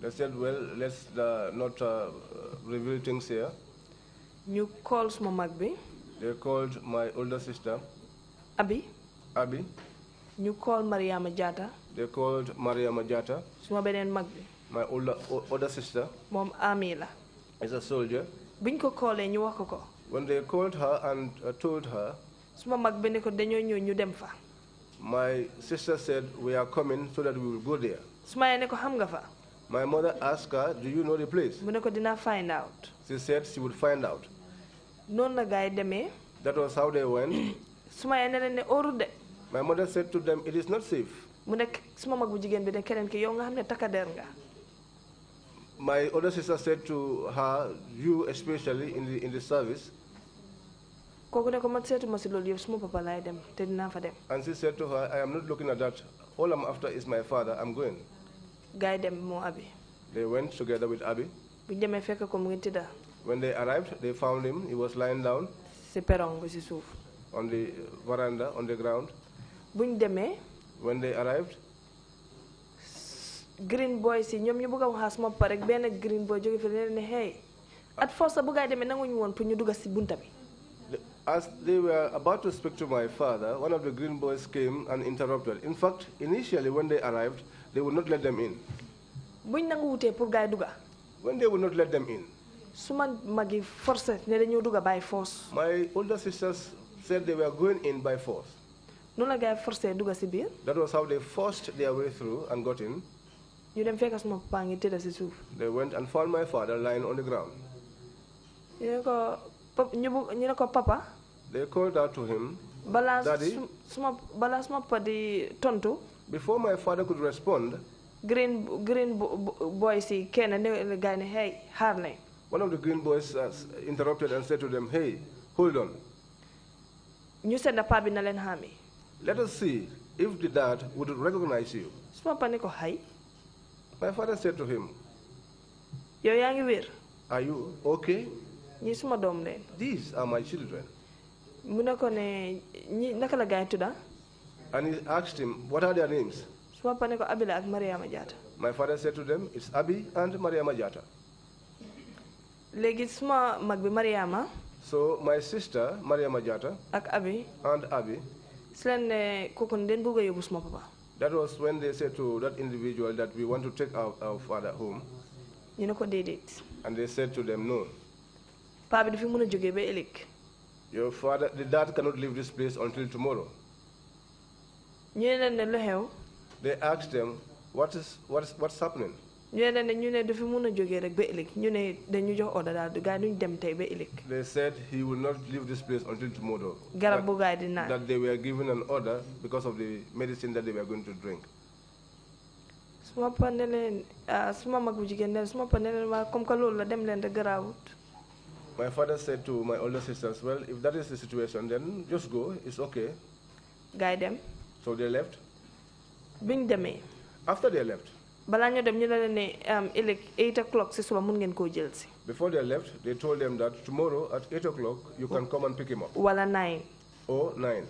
they said, well, let's uh, not uh, reveal things here. You called my mag they called my older sister. Abi. Abi. You called Maria Majata? they called Maria Majata. suma beneen mag my older older sister. Mom Amila. is a soldier. biñ ko callee you wax when they called her and uh, told her. suma mag bi ne ko dañoo my sister said, we are coming so that we will go there. My mother asked her, do you know the place? Mu did not find out. She said she would find out. No la gaay That was how they went. My mother said to them, it is not safe. My older sister said to her, you especially in the, in the service, kooku ne ko man seetuma si loolu yëpp papa laay dem te dinaa fa dem. and she said to her I am not looking at that all I'm after is my father I'm going. gars yi dem moo abi. they went together with abi. bu ñu demee fekk ko mu ngi tëdda. when they arrived they found him he was lying down. si perron bi si suuf. on the veranda on the ground. bu ñu when they arrived. green boy si ñoom ñu bëgg a waxaas ma pare benn green boy jóge fi ne hey. at force bu gaa yi demee nanguñu woon pour ñu dugg si bunta bi as they were about to speak to my father, one of the green boys came and interrupted. In fact, initially when they arrived, they would not let them in. When they would not let them in. My older sisters said they were going in by force. That was how they forced their way through and got in. They went and found my father lying on the ground ñu ne ko papa. they called out to him. Daddy. suma pa di tontu. before my father could respond. green green boys yi kenn ne gaa ne hey xaar one of the green boys interrupted and said to them hey hold on. ñu sedda paa bi na leen xaami. let us see if the dad would recognize you. suma pa ne ko hay. my father said to him. yow yaa ngi are you okay ñi suma these are my children. mu ne ko ne ñi naka la and he asked him what are their names. su ko Abi la ak Mariama my father said to them it's Abi and Maria Majata." Legi suma magbi bi Mariama. so my sister Maria Majata. ak Abi. and Abi. Slen leen ne kooku ne den bëgg a suma papa. that was when they said to that individual that we want to take our, our father home. ñu ne ko déedéet. and they said to them no your father the dad cannot leave this place until tomorrow. You ne leen ne they asked them what is what is what's happening. they said he will not leave this place until tomorrow. that they were given an order because of the medicine that they were going to drink. suma pa ne leen uh, suma mag bu jigéen ne suma pa ne leen waa comme my father said to my older sisters, well, if that is the situation, then just go. It's okay. Guide them. So they left. Bring them in. After they left. dem ne um, eight o'clock before they left they told them that tomorrow at eight o'clock you can come and pick him up. wala nine. oh nine.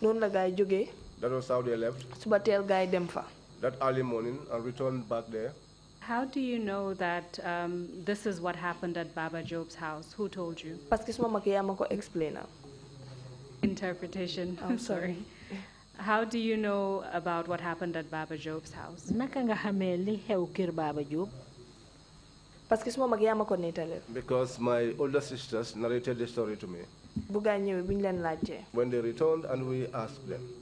noonu la gaay jógee. that was how they left. suba teel gaay dem fa. that early morning and returned back there. How do you know that um, this is what happened at Baba Job's house? Who told you? Parce que suma makiya mako explainer. Interpretation. I'm sorry. How do you know about what happened at Baba Job's house? Naka nga xamé li Baba Job? Because my older sisters narrated the story to me. When they returned and we asked them.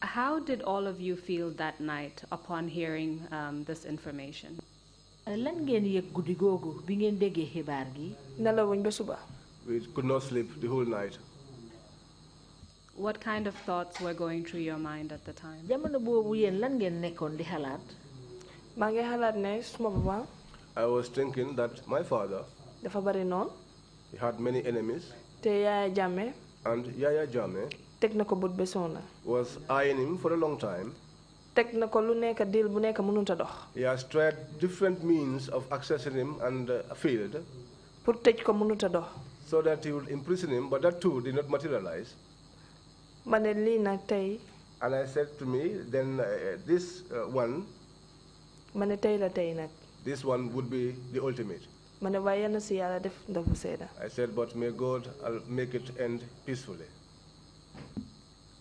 How did all of you feel that night upon hearing um, this information? we could not sleep the whole night. What kind of thoughts were going through your mind at the time? I was thinking that my father. he had many enemies. and Yaya Jame teg na ko bët besoon na. was eyeing him for a long time. teg na ko lu nekk deal bu nekk mënut dox. he has tried different means of accessing him and uh, failed. pour tëj ko mënut dox. so that he would imprison him but that too did not materialize. ma ne lii nag tey. and I said to me then uh, this uh, one. ma ne tey la tey nag. this one would be the ultimate. ma ne waaye na si yàlla def ndox bu seeda. I said but may God make it end peacefully.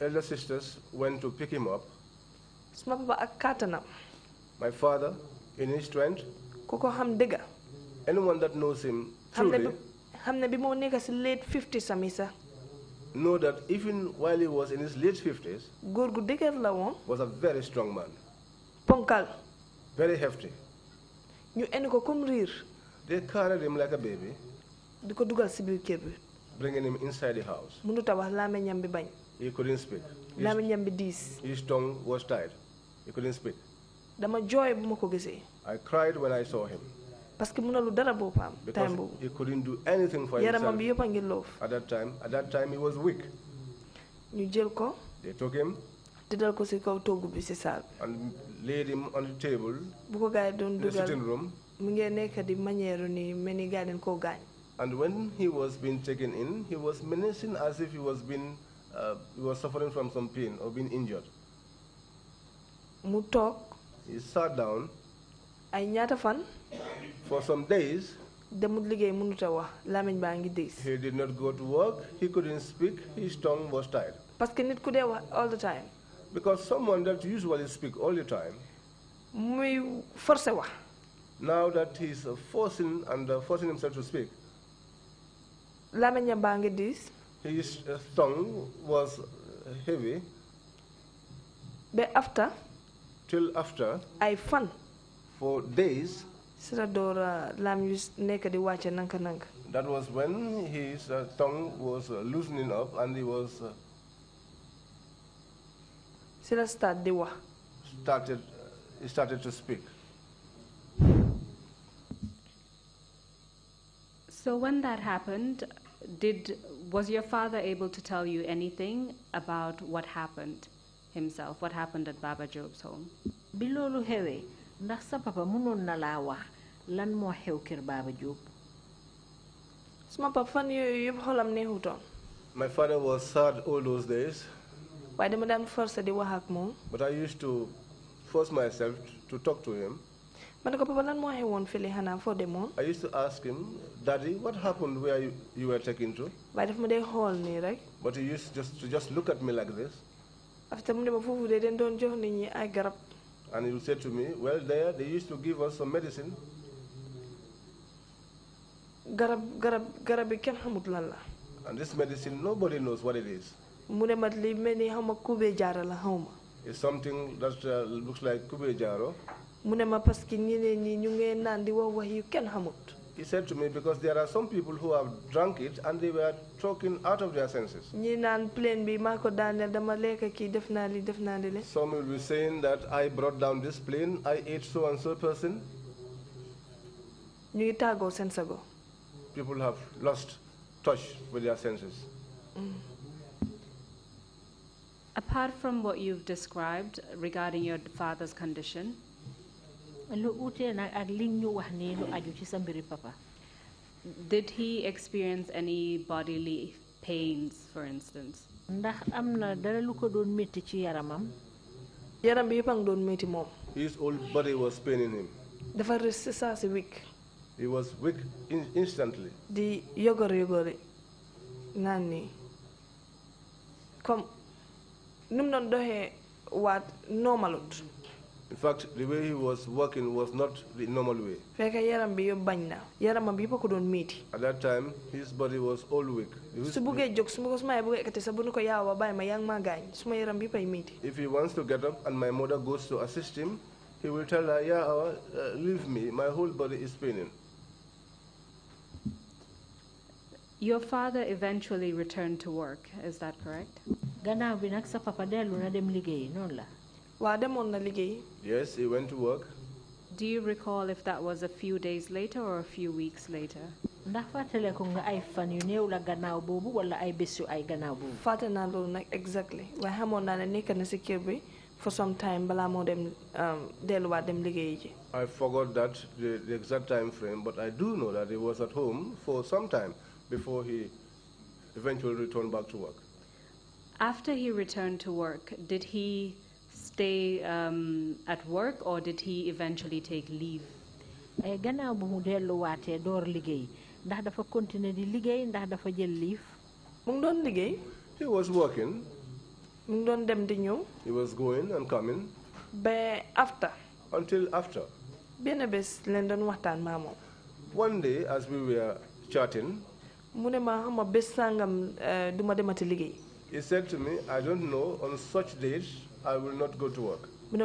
elder sisters went to pick him up. My father, in his strength, anyone that knows him truly, know that even while he was in his late 50s, was a very strong man. Ponkal. Very hefty. They carried him like a baby, bringing him inside the house. He couldn't speak. Lamiñam His tongue was tied. He couldn't speak. Dama jooy I cried when I saw him. Because he couldn't do anything for himself. at that time at that time he was weak. they took him. and laid him on the table. in the sitting room. and when he was being taken in he was menacing as if he was being uh, he was suffering from some pain or being injured. mu he sat down. ay ñaata fan. for some days. demut liggéey mënut a wax làmmiñ baa ngi he did not go to work he couldn't speak his tongue was tied. parce que nit ku wax all the time. because someone that usually speak all the time. muy forcé wax. now that he's forcing and uh, forcing himself to speak. làmmiñam baa ngi his uh, tongue was uh, heavy But after till after I found for days uh, that was when his uh, tongue was uh, loosening up and he was uh, he started to speak so when that happened did was your father able to tell you anything about what happened himself, what happened at Baba Job's home? bi loolu xewee ndax sa papa mënoon na laa wax lan moo xew kër Baba Diop. suma papa fan yooyu xolam neexutoon. my father was sad all those days. waaye dama daan forcer di wax ak moom. but I used to force myself to talk to him. I used to ask him daddy what happened where you, you were taken to. but he used just to just look at me like this. after mu ne ma foofu de den doon jox nit and he would say to me well there they used to give us some medicine. and this medicine nobody knows what it is. la it's something that uh, looks like kubé jaaro. He said to me, because there are some people who have drunk it and they were talking out of their senses. Some will be saying that I brought down this plane, I ate so and so person. People have lost touch with their senses. Apart from what you've described regarding your father's condition, did he experience any bodily pains, for instance? am His whole body was paining him. The rës si saa weak. He was weak in instantly. The yogur, yogur, naan come. comme nu mu in fact, the way he was working was not the normal way. At that time, his body was all weak. If he wants to get up and my mother goes to assist him, he will tell her, yeah, uh, leave me, my whole body is paining. Your father eventually returned to work, is that correct? sa na dem la. Var det Yes, he went to work. Do you recall if that was a few days later or a few weeks later? ko nga ay fan yu la wala ay ay exactly waaye xamoon naa ne na kër bi for some time dem dem ji. I forgot that the, the exact time frame but I do know that he was at home for some time before he eventually returned back to work. After he returned to work, did he stay um, at work or did he eventually take leave? Eh, gannaaw bu mu delluwaatee door liggéey ndax dafa continuer di liggéey ndax dafa jël leave. mu ngi doon liggéey. he was working. mu ngi doon dem di ñëw. he was going and coming. ba after. until after. benn bés leen doon waxtaan maamoom. one day as we were chatting. mu ne ma xam bés sàngam eh, du ma demati liggéey. he said to me I don't know on such days. I will not go to work. He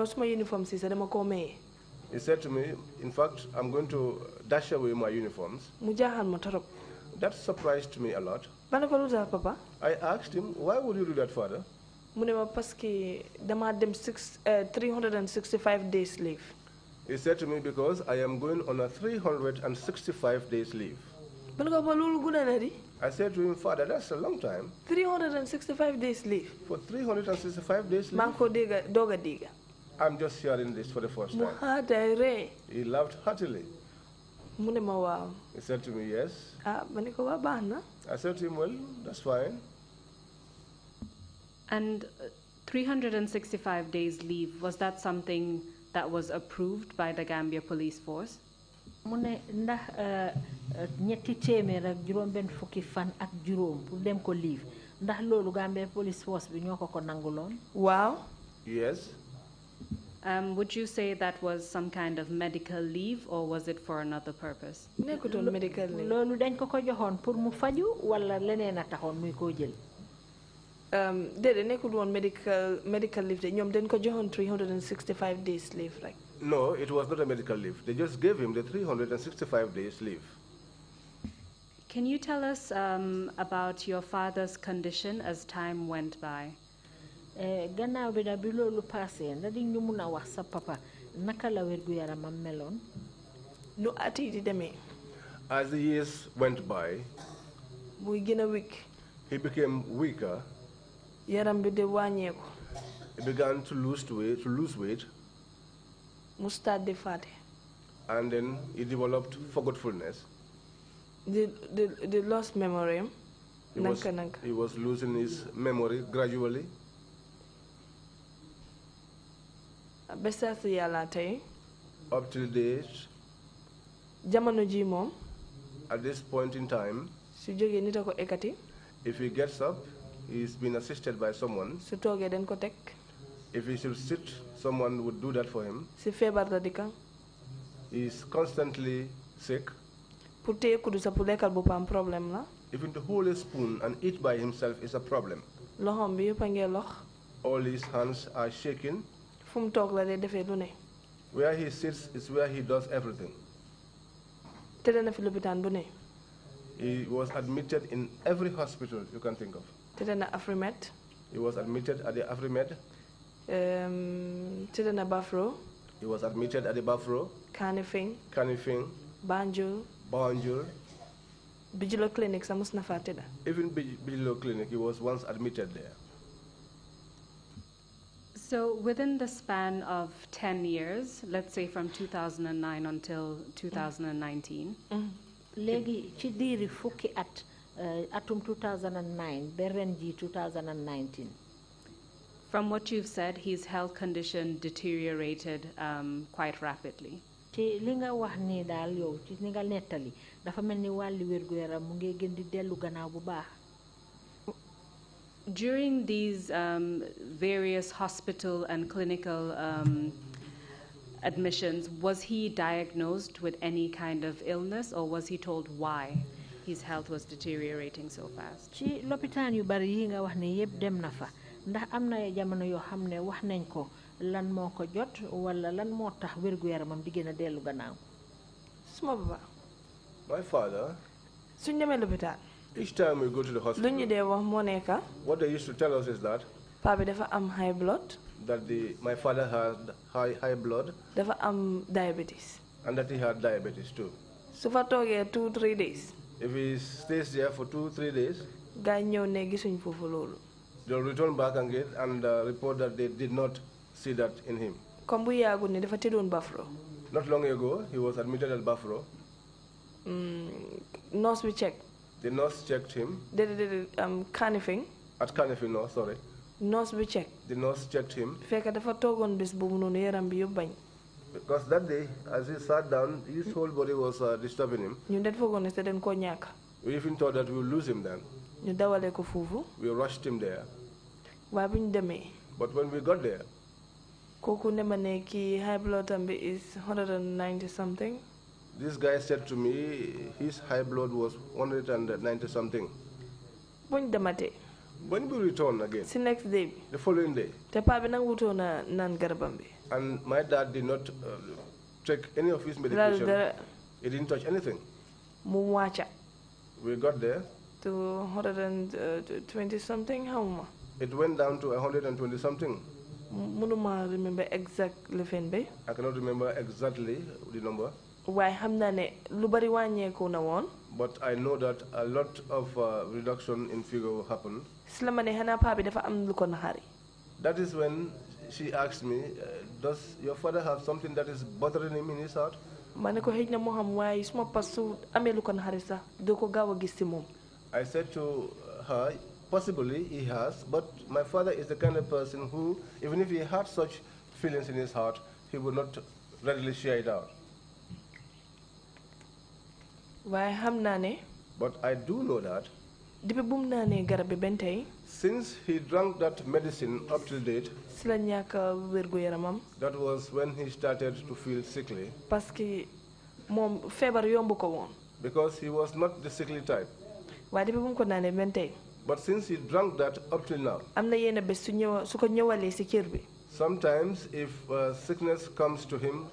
said to me, in fact, I'm going to dash away my uniforms. That surprised me a lot. I asked him, why would you do that, father? mu ne ma and sixty five days leave. he said to me because I am going on a three hundred and sixty five days leave. I said to him, Father, that's a long time. 365 days leave. For 365 days leave. Manko diga, doga diga. I'm just hearing this for the first time. He laughed heartily. He said to me, Yes. Ah, I said to him, Well, that's fine. And uh, 365 days leave, was that something that was approved by the Gambia police force? ndax euh, euh, ñetti ak juroom fukki fan ak juróom pour dem ko ndax loolu police force bi ko nanguloon. waaw. yes. Um, would you say that was some kind of medical leave or was it for another purpose? medical leave. dañ ko ko pour mu faju wala leneen a muy jël. Um, medical medical leave de dañ ko 365 days leave rek. No, it was not a medical leave. They just gave him the 365 days leave. Can you tell us um, about your father's condition as time went by? Eh, gana wera bilolu pase, nadi wasa papa, No ati dideme. As the years went by, muy weak. He became weaker. de He began to lose weight, to lose weight. Mustad father. And then he developed forgetfulness. The, the, the lost memory. He was, he was losing his memory gradually. Up to the age. At this point in time. If he gets up, he's been assisted by someone. If he should sit, someone would do that for him. Se feebar par He is constantly sick. Pour problème la. Even to hold a spoon and eat by himself is a problem. All his hands are shaking. ne. Where he sits is where he does everything. ne. He was admitted in every hospital you can think of. He was admitted at the Afrimed um, Tidana Bafro. He was admitted at the Bafro. Canifing. Canifing. Banjo. Banjo. Bijilo Clinic, sa mos na fatida. Even Bijilo Clinic, he was once admitted there. So within the span of 10 years, let's say from 2009 until 2019. Mm-hmm. Legi chidi Rifuki at uh, atum 2009 Berenji 2019. From what you've said, his health condition deteriorated um, quite rapidly. ci li nga wax ni daal yow ci ni nga nettali dafa mel ni walli yaram mu ngi gën di dellu gannaaw bu baax during these um, various hospital and clinical um, admissions, was he diagnosed with any kind of illness or was he told why his health was deteriorating so fast? ndax am na jamono yoo xam ne wax nañ ko lan moo ko jot wala lan moo tax wer yaramam di gën a dellu gannaaw. suma baba. my father. suñ demee lopitaan. each time we go to the hospital. lu ñu dee wax moo nekk. what they used to tell us is that. paa bi dafa am high blood. that the my father has high high blood. dafa am diabetes. and that he had diabetes too. su fa toogee two three days. if he stays there for two three days. gaa ñëw ne gisuñ foofu loolu they'll return back and uh, report that they did not see that in him. Not long ago, he was admitted at Buffalo. Mm, nurse we checked. The nurse checked him. The, the, the um, Carnifing. At Carnifing, no, sorry. Nurse we checked. The nurse checked him. Because that day, as he sat down, his whole body was uh, disturbing him. We even thought that we would lose him then. We rushed him there but when we got there. Kuku ne ma high blood tam is 190 something. this guy said to me his high blood was 190 something. buñ dematee. When we return again? The next day. The following day. The pa nang wuto na nan garabambi. And my dad did not uh, take any of his medication. he didn't touch anything. Mumwacha. We got there. To 120 uh, something, how much? It went down to 120 something. Munuma remember exactly fen I cannot remember exactly the number. Why hamna ne lubari wanye won. But I know that a lot of uh, reduction in figure happened. Slama ne hana dafa am hari. That is when she asked me, uh, does your father have something that is bothering him in his heart? Mane ko hejna mo ham suma pasu hari sa do ko gawa I said to her Possibly he has, but my father is the kind of person who, even if he had such feelings in his heart, he would not readily share it out. Why? but I do know that. since he drank that medicine up till date. that was when he started to feel sickly. because he was not the sickly type. But since he drank that up till now, am na yenn bés su ñëw su ko ñëwalee si Sometimes if uh, sickness comes to him,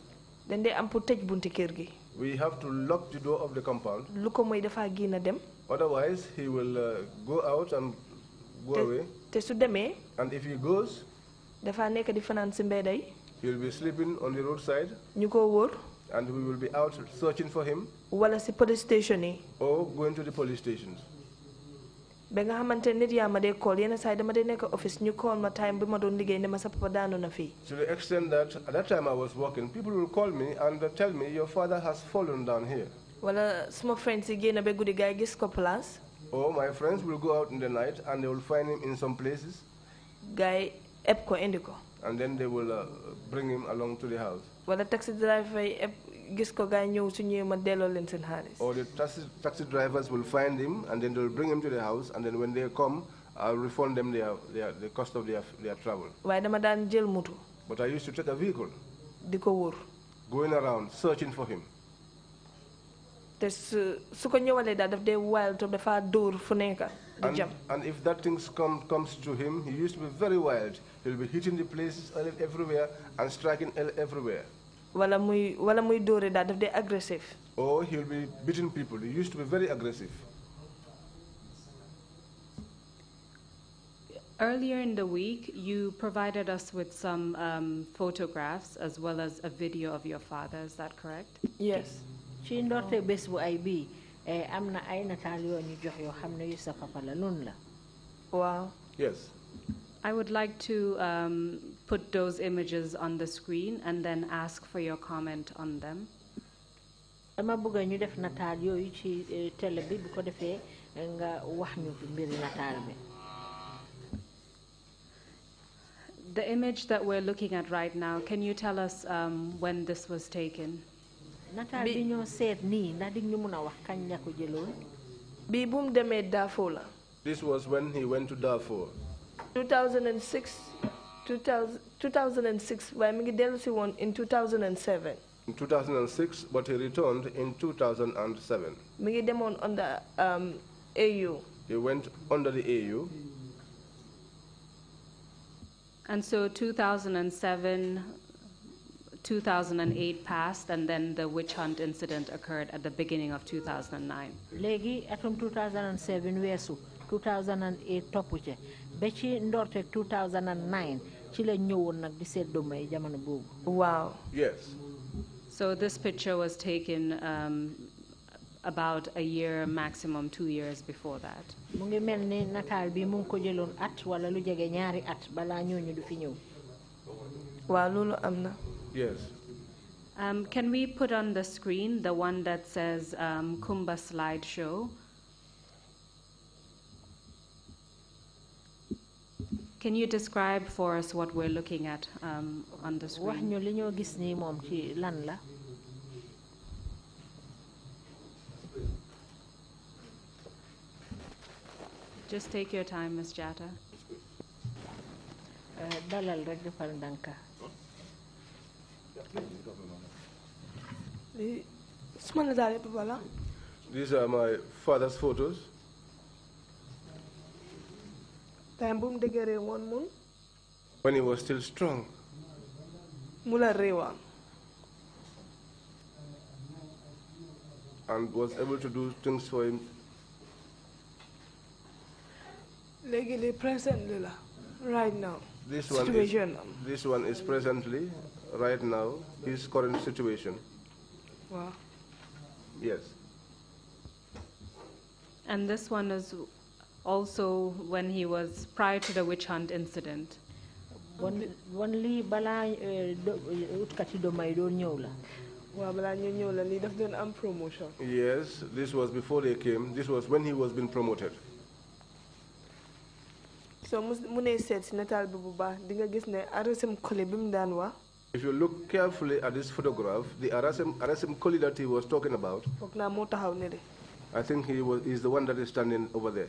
then they amputate pour tëj bunti We have to lock the door of the compound. lu ko mooy dafa génn dem. Otherwise he will uh, go out and go away. te And if he goes. dafa nekk di fanaan in mbedd yi. he will be sleeping on the roadside. You go wóor. and we will be out searching for him. wala the police station yi. or going to the police stations call office call ma time bi ma ne papa na to the extent that at that time I was working people will call me and tell me your father has fallen down here. wala suma friends yi génn ba guddi gaay gis ko place. my friends will go out in the night and they will find him in some places. Guy, eb ko and then they will uh, bring him along to the house. wala taxi driver ñëw su ma or the taxi taxi drivers will find him and then they will bring him to the house and then when they come I'll refund them their their the cost of their their travel. waaye dama daan jël moto. but I used to take a vehicle. di ko going around searching for him. te su su ko ñëwalee daal daf dee wild to dafa dóor fu nekk. And, and, if that thing come, comes to him, he used to be very wild. He'll be hitting the places everywhere and striking everywhere wala muy dóore daal daf dee agressif. oh he will be beating people he used to be very aggressive. Earlier in the week, you provided us with some um, photographs as well as a video of your father. Is that correct? Yes. ci ndorte bés bu ay bii eh, am na ay nataal yoo ñu jox yoo xam ne yu sa papa la yes. I would like to um, put those images on the screen and then ask for your comment on them. bëgg ñu def yooyu ci eh, télé bi bu ko defee eh, nga wax ñu mbir bi. The image that we're looking at right now, can you tell us um, when this was taken? bi ñoo seet nii ndax dig ñu mun a wax kañ jëloon. bi bu mu demee la. This was when he went to Darfur. 2006. 2000, 2006 while he won in 2007. In 2006, but he returned in 2007. Mgidemon under um, AU. He went under the AU. And so 2007, 2008 passed, and then the witch hunt incident occurred at the beginning of 2009. Legi atum 2007 wesu, 2008 topuche. Bechi ndortek 2009 ci la ñëwoon nag di jamono boobu. wow. yes. so this picture was taken um, about a year maximum two years before that. mu ngi mel ni nataal bi mu ngi ko jëloon at wala lu jege ñaari at balaa ñooñu du fi ñëw. waaw loolu am na. yes. Um, can we put on the screen the one that says um, Kumba slideshow? Can you describe for us what we're looking at um, on the screen? Just take your time, Ms. Jatta. Euh, these are my father's photos Tambum mun when he was still strong. Mula rewa and was able to do things for him. Legally presently right now. This one, situation. Is, this one is presently, right now, his current situation. Wow. Yes. And this one is also when he was prior to the witch hunt incident. bala uh, uh, utkati Yes, this was before they came. This was when he was being promoted. So Arasim If you look carefully at this photograph, the Arasim, Arasim Koli that he was talking about, I think he was, is the one that is standing over there.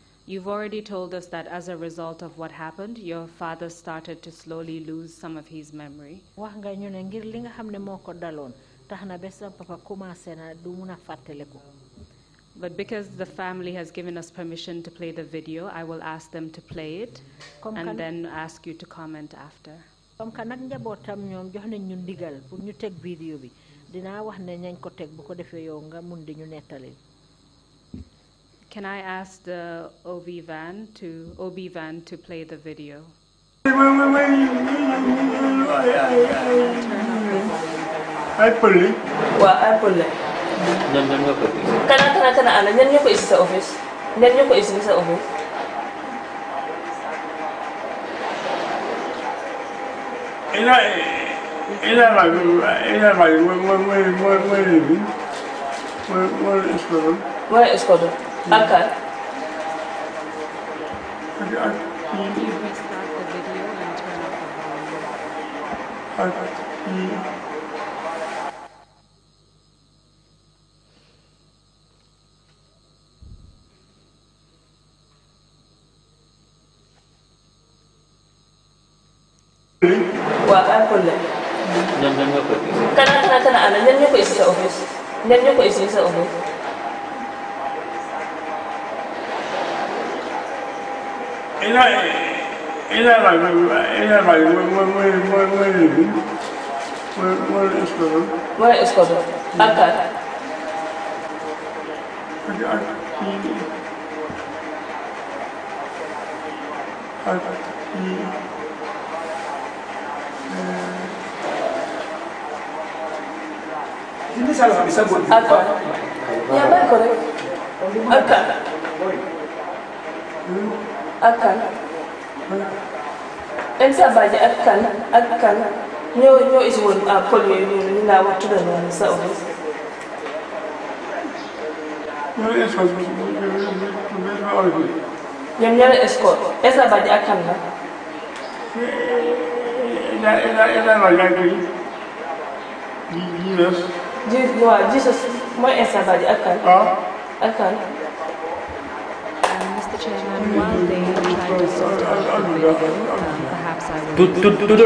You've already told us that as a result of what happened, your father started to slowly lose some of his memory. But because the family has given us permission to play the video, I will ask them to play it and then ask you to comment after. vidéo wax ne ñañ ko teg bu ko defee yow nga mun di ñu nettali. Can I ask the OB van to OB van to play the video? Apple. Wa Apple. Nan nan ko. Kana kana kana ana nan ko isa sa office. Nan ko isa sa office. Ina ina ma ina ma mo mo mo mo mo mo mo mo mo mo mo mo mo mo Bunker. Buat apa pun lah Jangan-jangan apa Kan nak tengah-tengah Jangan-jangan apa isi seorang Jangan-jangan apa isi seorang era, era la nueva, era la nueva, muy, muy, muy, muy, muy, muy, muy, muy, muy, muy, muy, Ya va a correr. Acá. ak kan Elsa Badji ak kan ak kan ñoo ñoo isi woon ah pël yooyu noonu ñu laa wax tuddal woon sa oto. ñoom ñoo la escorte Elsa Badji ak la. Jesus. Jesus waaw Jesus mooy Elsa Badji ak kan. Ah.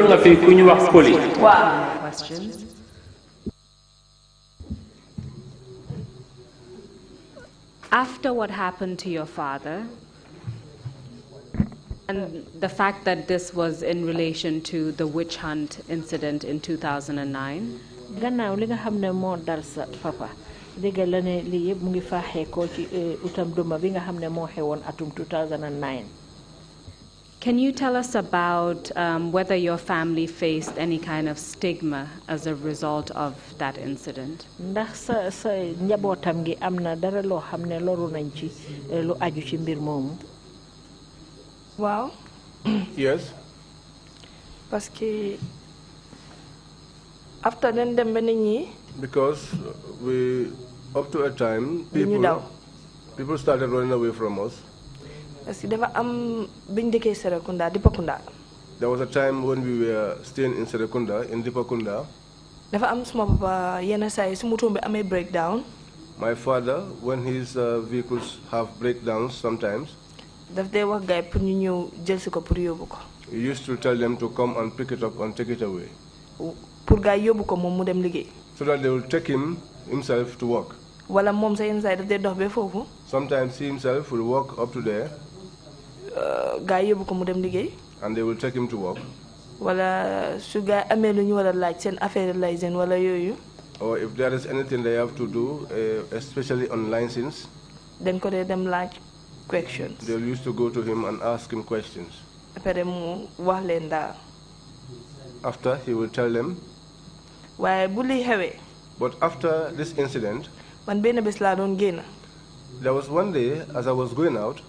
nga fi wax After what happened to your father, and the fact that this was in relation to the witch hunt incident in 2009. Euh, 2009. Can you tell us about um, whether your family faced any kind of stigma as a result of that incident? ndax sa sa njabootam gi am na dara loo xam ne loru nañ ci eh, lu aju ci mbir moomu. waaw. yes. parce que after dañ dem ba nit ñi. because we up to a time. people people started running away from us there was a time when we were staying in Serekunda in Dipakunda. dafa am suma papa yenn saa yi su motoom bi amee breakdown. my father when his uh, vehicles have breakdowns sometimes. daf dee wax gaay pour ñëw jël si ko he used to tell them to come and pick it up and take it away. pour gaay yóbbu dem liggéey. so that they will take him himself to work. wala moom sa inside, saa yi daf before dox sometimes he himself will walk up to there. Euh, yóbbu ko mu dem liggéey. and they will take him to work. wala su gaa amee lu ñu war a laaj seen affaire license wala yooyu. or if there is anything they have to do eh, especially on license. dañ ko dee dem laaj questions. they used to go to him and ask him questions. après mu wax leen daal. after he will tell them. waaye bu li xewee. But after this incident, there was one day as I was going out,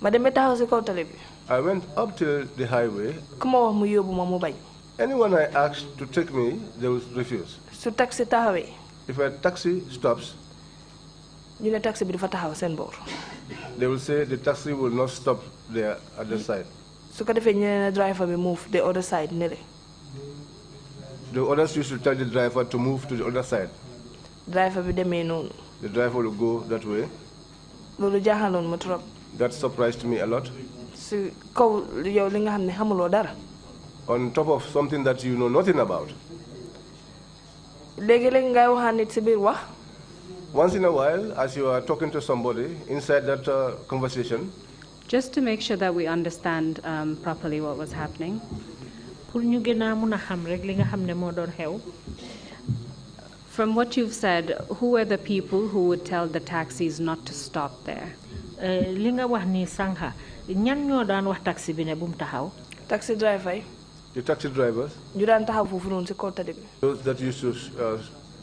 ma demee taxaw si kaw bi. I went up to the highway. ku wax mu yóbbu ma mu bañ. Anyone I asked to take me, they would refuse. su taxi taxawee. If a taxi stops. ñu ne taxi bi dafa taxaw seen boor. They will say the taxi will not stop there at the side. su ko defee ñu ne driver bi move the other side ne The others used to tell the driver to move to the other side. Driver bi demee noonu. The driver will go that way. loolu jaaxaloon ma trop. That surprised me a lot. On top of something that you know nothing about. Once in a while, as you are talking to somebody inside that uh, conversation, just to make sure that we understand um, properly what was happening. From what you've said, who were the people who would tell the taxis not to stop there? Eh, li nga wax ni sànqa ñan ñoo daan wax taxi bi ne bu mu taxaw. taxi driver yi. the taxi drivers. ñu daan taxaw foofu noonu si kaw tali bi. those that used to uh,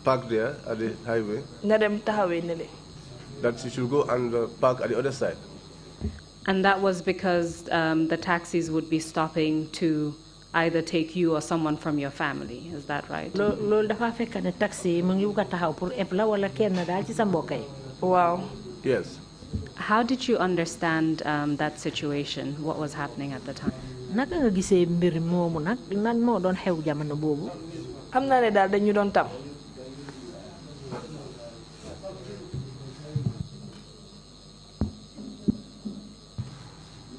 park there at the highway. na dem taxawee ne le. that you should go and uh, park at the other side. And that was because um, the taxis would be stopping to either take you or someone from your family. Is that right? taxi Wow. Yes how did you understand um, that situation what was happening at the time naka nga gisee mbir moomu nag lan moo doon xew jamono boobu xam naa ne daal dañu doon tam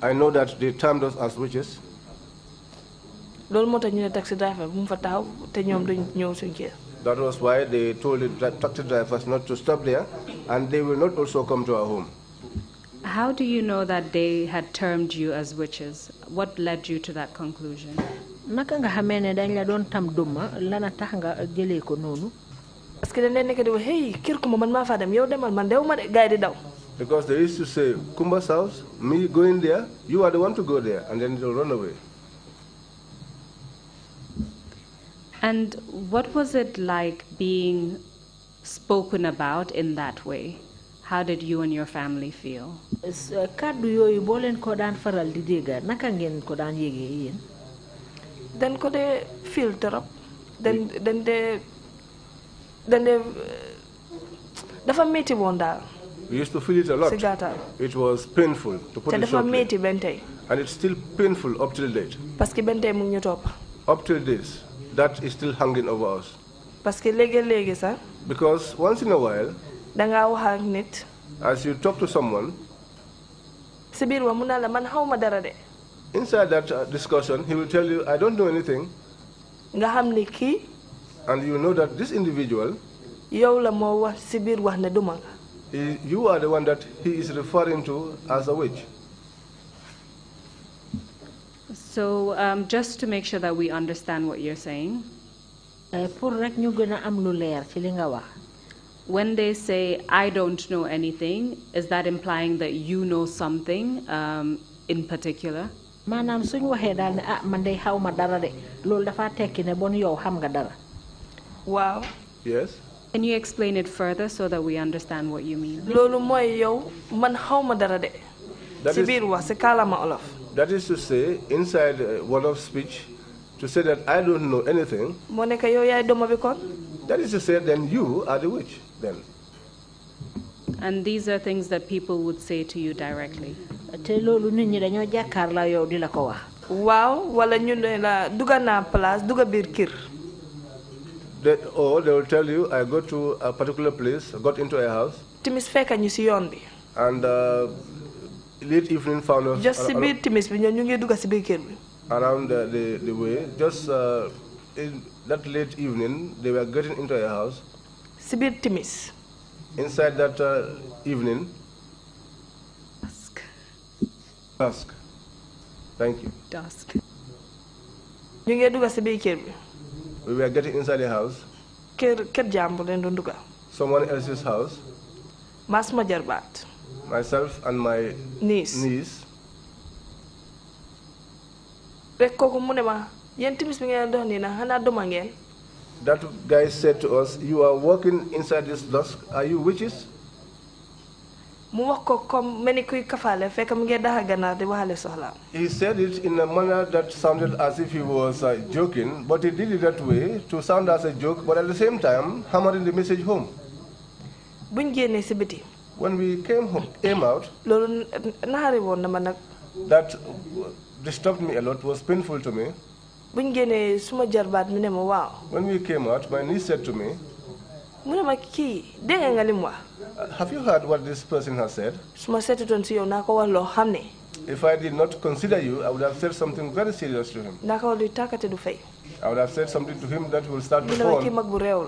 I know that they termed us as witches. taxi driver new That was why they told the taxi drivers not to stop there and they will not also come to our home. How do you know that they had termed you as witches? What led you to that conclusion? Nakanga hamene xamee ne dañ la doon tam duma lana tax nga jëlee ko noonu. parce que dañ leen nekk di wax hey kër kumba man maa faa dem yow demal man dew ma de gars yi di daw. because they used to say Kumba's house me going there you are the one to go there and then they'll run away. And what was it like being spoken about in that way? How did you and your family feel? Uh, kaddu yooyu boo leen ko daan faral di dégga naka ngeen ko daan yégee yéen dañ ko dee feel trop dañ dañ dee dañ dee dafa métti woon daal We used to feel it a lot. It was painful, to put it shortly. And it's still painful up till date. Up till this, that is still hanging over us. Because once in a while, as you talk to someone. si wa mu la inside that uh, discussion he will tell you I don't know anything. nga xam and you know that this individual. ne you are the one that he is referring to as a witch. So um, just to make sure that we understand what you're saying. Eh, pour leer when they say, I don't know anything, is that implying that you know something um, in particular? maanaam suñ waxee daal ne ah man day xaw ma dara de loolu dafa tekki ne bon yow xam nga dara. waaw. yes. Can you explain it further so that we understand what you mean? loolu mooy yow man xaw ma dara de. si biir wax si kàllaama olof. that is to say inside uh, of speech to say that I don't know anything. moo nekk yow yaay dooma bi kon. that is to say then you are the witch them. And these are things that people would say to you directly. Wow, wala ñu ne duga na place duga biir kër. they or oh, they will tell you I go to a particular place got into a house. timis can you see yoon bi. and uh, late evening found us. just si timis bi ñoom ñu ngi around the, the, the way just uh, in that late evening they were getting into a house. sibir timis. Inside that uh, evening. Dusk. Dusk. Thank you. Dusk. Ñu ngi We were getting inside the house. Kër kër jambu leen Someone else's house. Mas Majarbat. Myself and my niece. Niece. Rek kooku mu ne ma yéen timis bi ngeen na xanaa domangen. that guy said to us, you are walking inside this dusk, are you witches? He said it in a manner that sounded as if he was uh, joking, but he did it that way to sound as a joke, but at the same time hammering the message home. When we came home, came out, that disturbed me a lot, was painful to me buñ génnee suma jarbaat mi ne ma waaw. when we came out my niece said to me. mu ne ma kii dégg nga lim wax. have you heard what this person has said. su ma si yow naa ko wax loo xam ne. if I did not consider you I would have said something very serious to him. naa ko wax luy tàkkate du fay. I would have said something to him that will start the phone.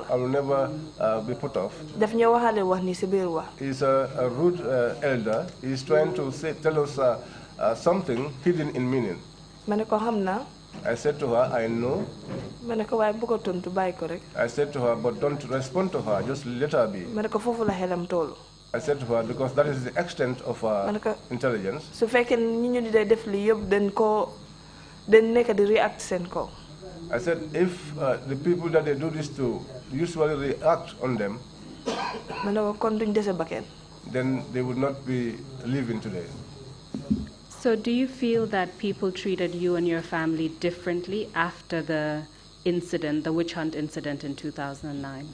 I will never uh, be put off. "He a, a rude uh, elder. is trying to say, tell us uh, uh something hidden in meaning. I said to her, I know. I said to her, but don't respond to her, just let her be. I said to her, because that is the extent of her intelligence. So then make react reaction call. I said, if uh, the people that they do this to usually react on them, then they would not be living today. So, do you feel that people treated you and your family differently after the incident, the witch hunt incident in 2009?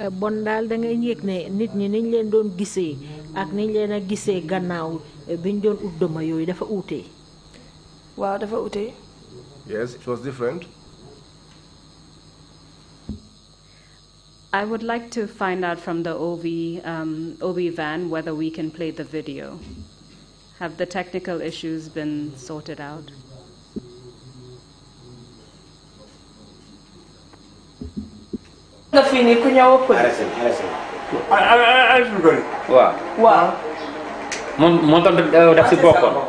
Uh, bon daal da ngay yëg ne nit ñi niñ leen doon gisee ak niñ leen a gisee gannaaw uh, biñ doon ut dëma yooyu dafa uute. waaw dafa uute. yes it was different. I would like to find out from the OV um, OV van whether we can play the video. Have the technical issues been sorted out? I. kunyawo kwe. Arasim, arasim. Arasim kwe. I. Wa. Mon mon tan daf ci bokon.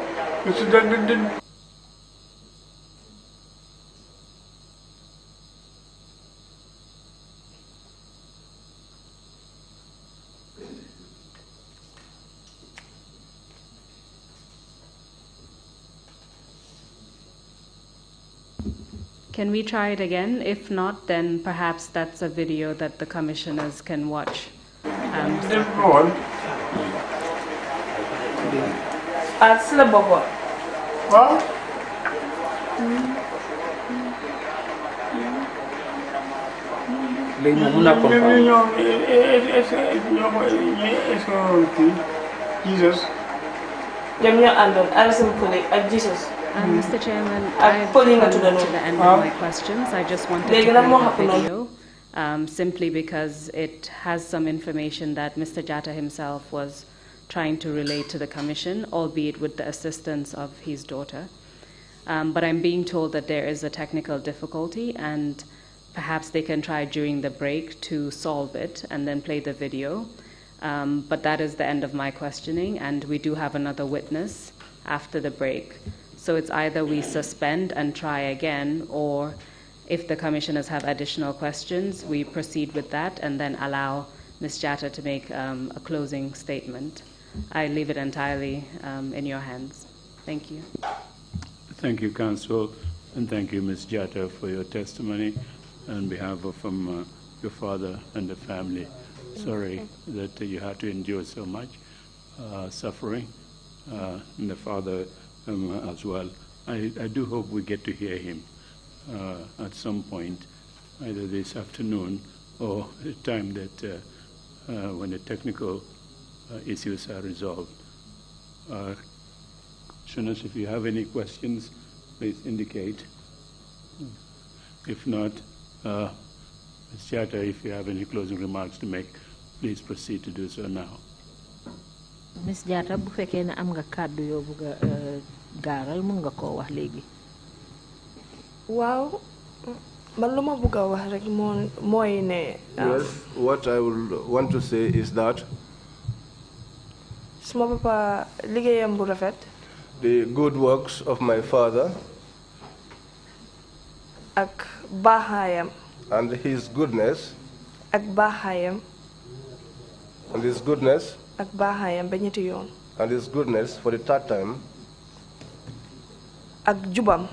Can we try it again? If not, then perhaps that's a video that the commissioners can watch. Um, Everyone. What? Jesus. Um, uh, mm-hmm. Mr. Chairman, uh, I've come to the end of my questions. I just wanted to bring video um, simply because it has some information that Mr. Jatta himself was trying to relate to the Commission, albeit with the assistance of his daughter. Um, but I'm being told that there is a technical difficulty and perhaps they can try during the break to solve it and then play the video. Um, but that is the end of my questioning, and we do have another witness after the break. So it's either we suspend and try again, or if the commissioners have additional questions, we proceed with that and then allow Ms. Jatta to make um, a closing statement. I leave it entirely um, in your hands. Thank you. Thank you, Council, and thank you, Ms. Jatta, for your testimony on behalf of um, uh, your father and the family. Sorry that uh, you had to endure so much uh, suffering. Uh, and the father um, as well. I, I, do hope we get to hear him uh, at some point, either this afternoon or the time that uh, uh, when the technical uh, issues are resolved. Uh, if you have any questions, please indicate. If not, uh, Ms. Chatter, if you have any closing remarks to make, please proceed to do so now. Miss Diatta bu fekkee ne am nga kàddu yoo bëgg a euh, gaaral mën nga koo wax léegi. waaw man lu ma bëgg wax rek moo ne. well ah, what I would want to say is that. suma papa liggéeyam bu rafet. the good works of my father. ak baaxaayam. and his goodness. ak baaxaayam. and his goodness ak and his goodness for the third time. ak jubam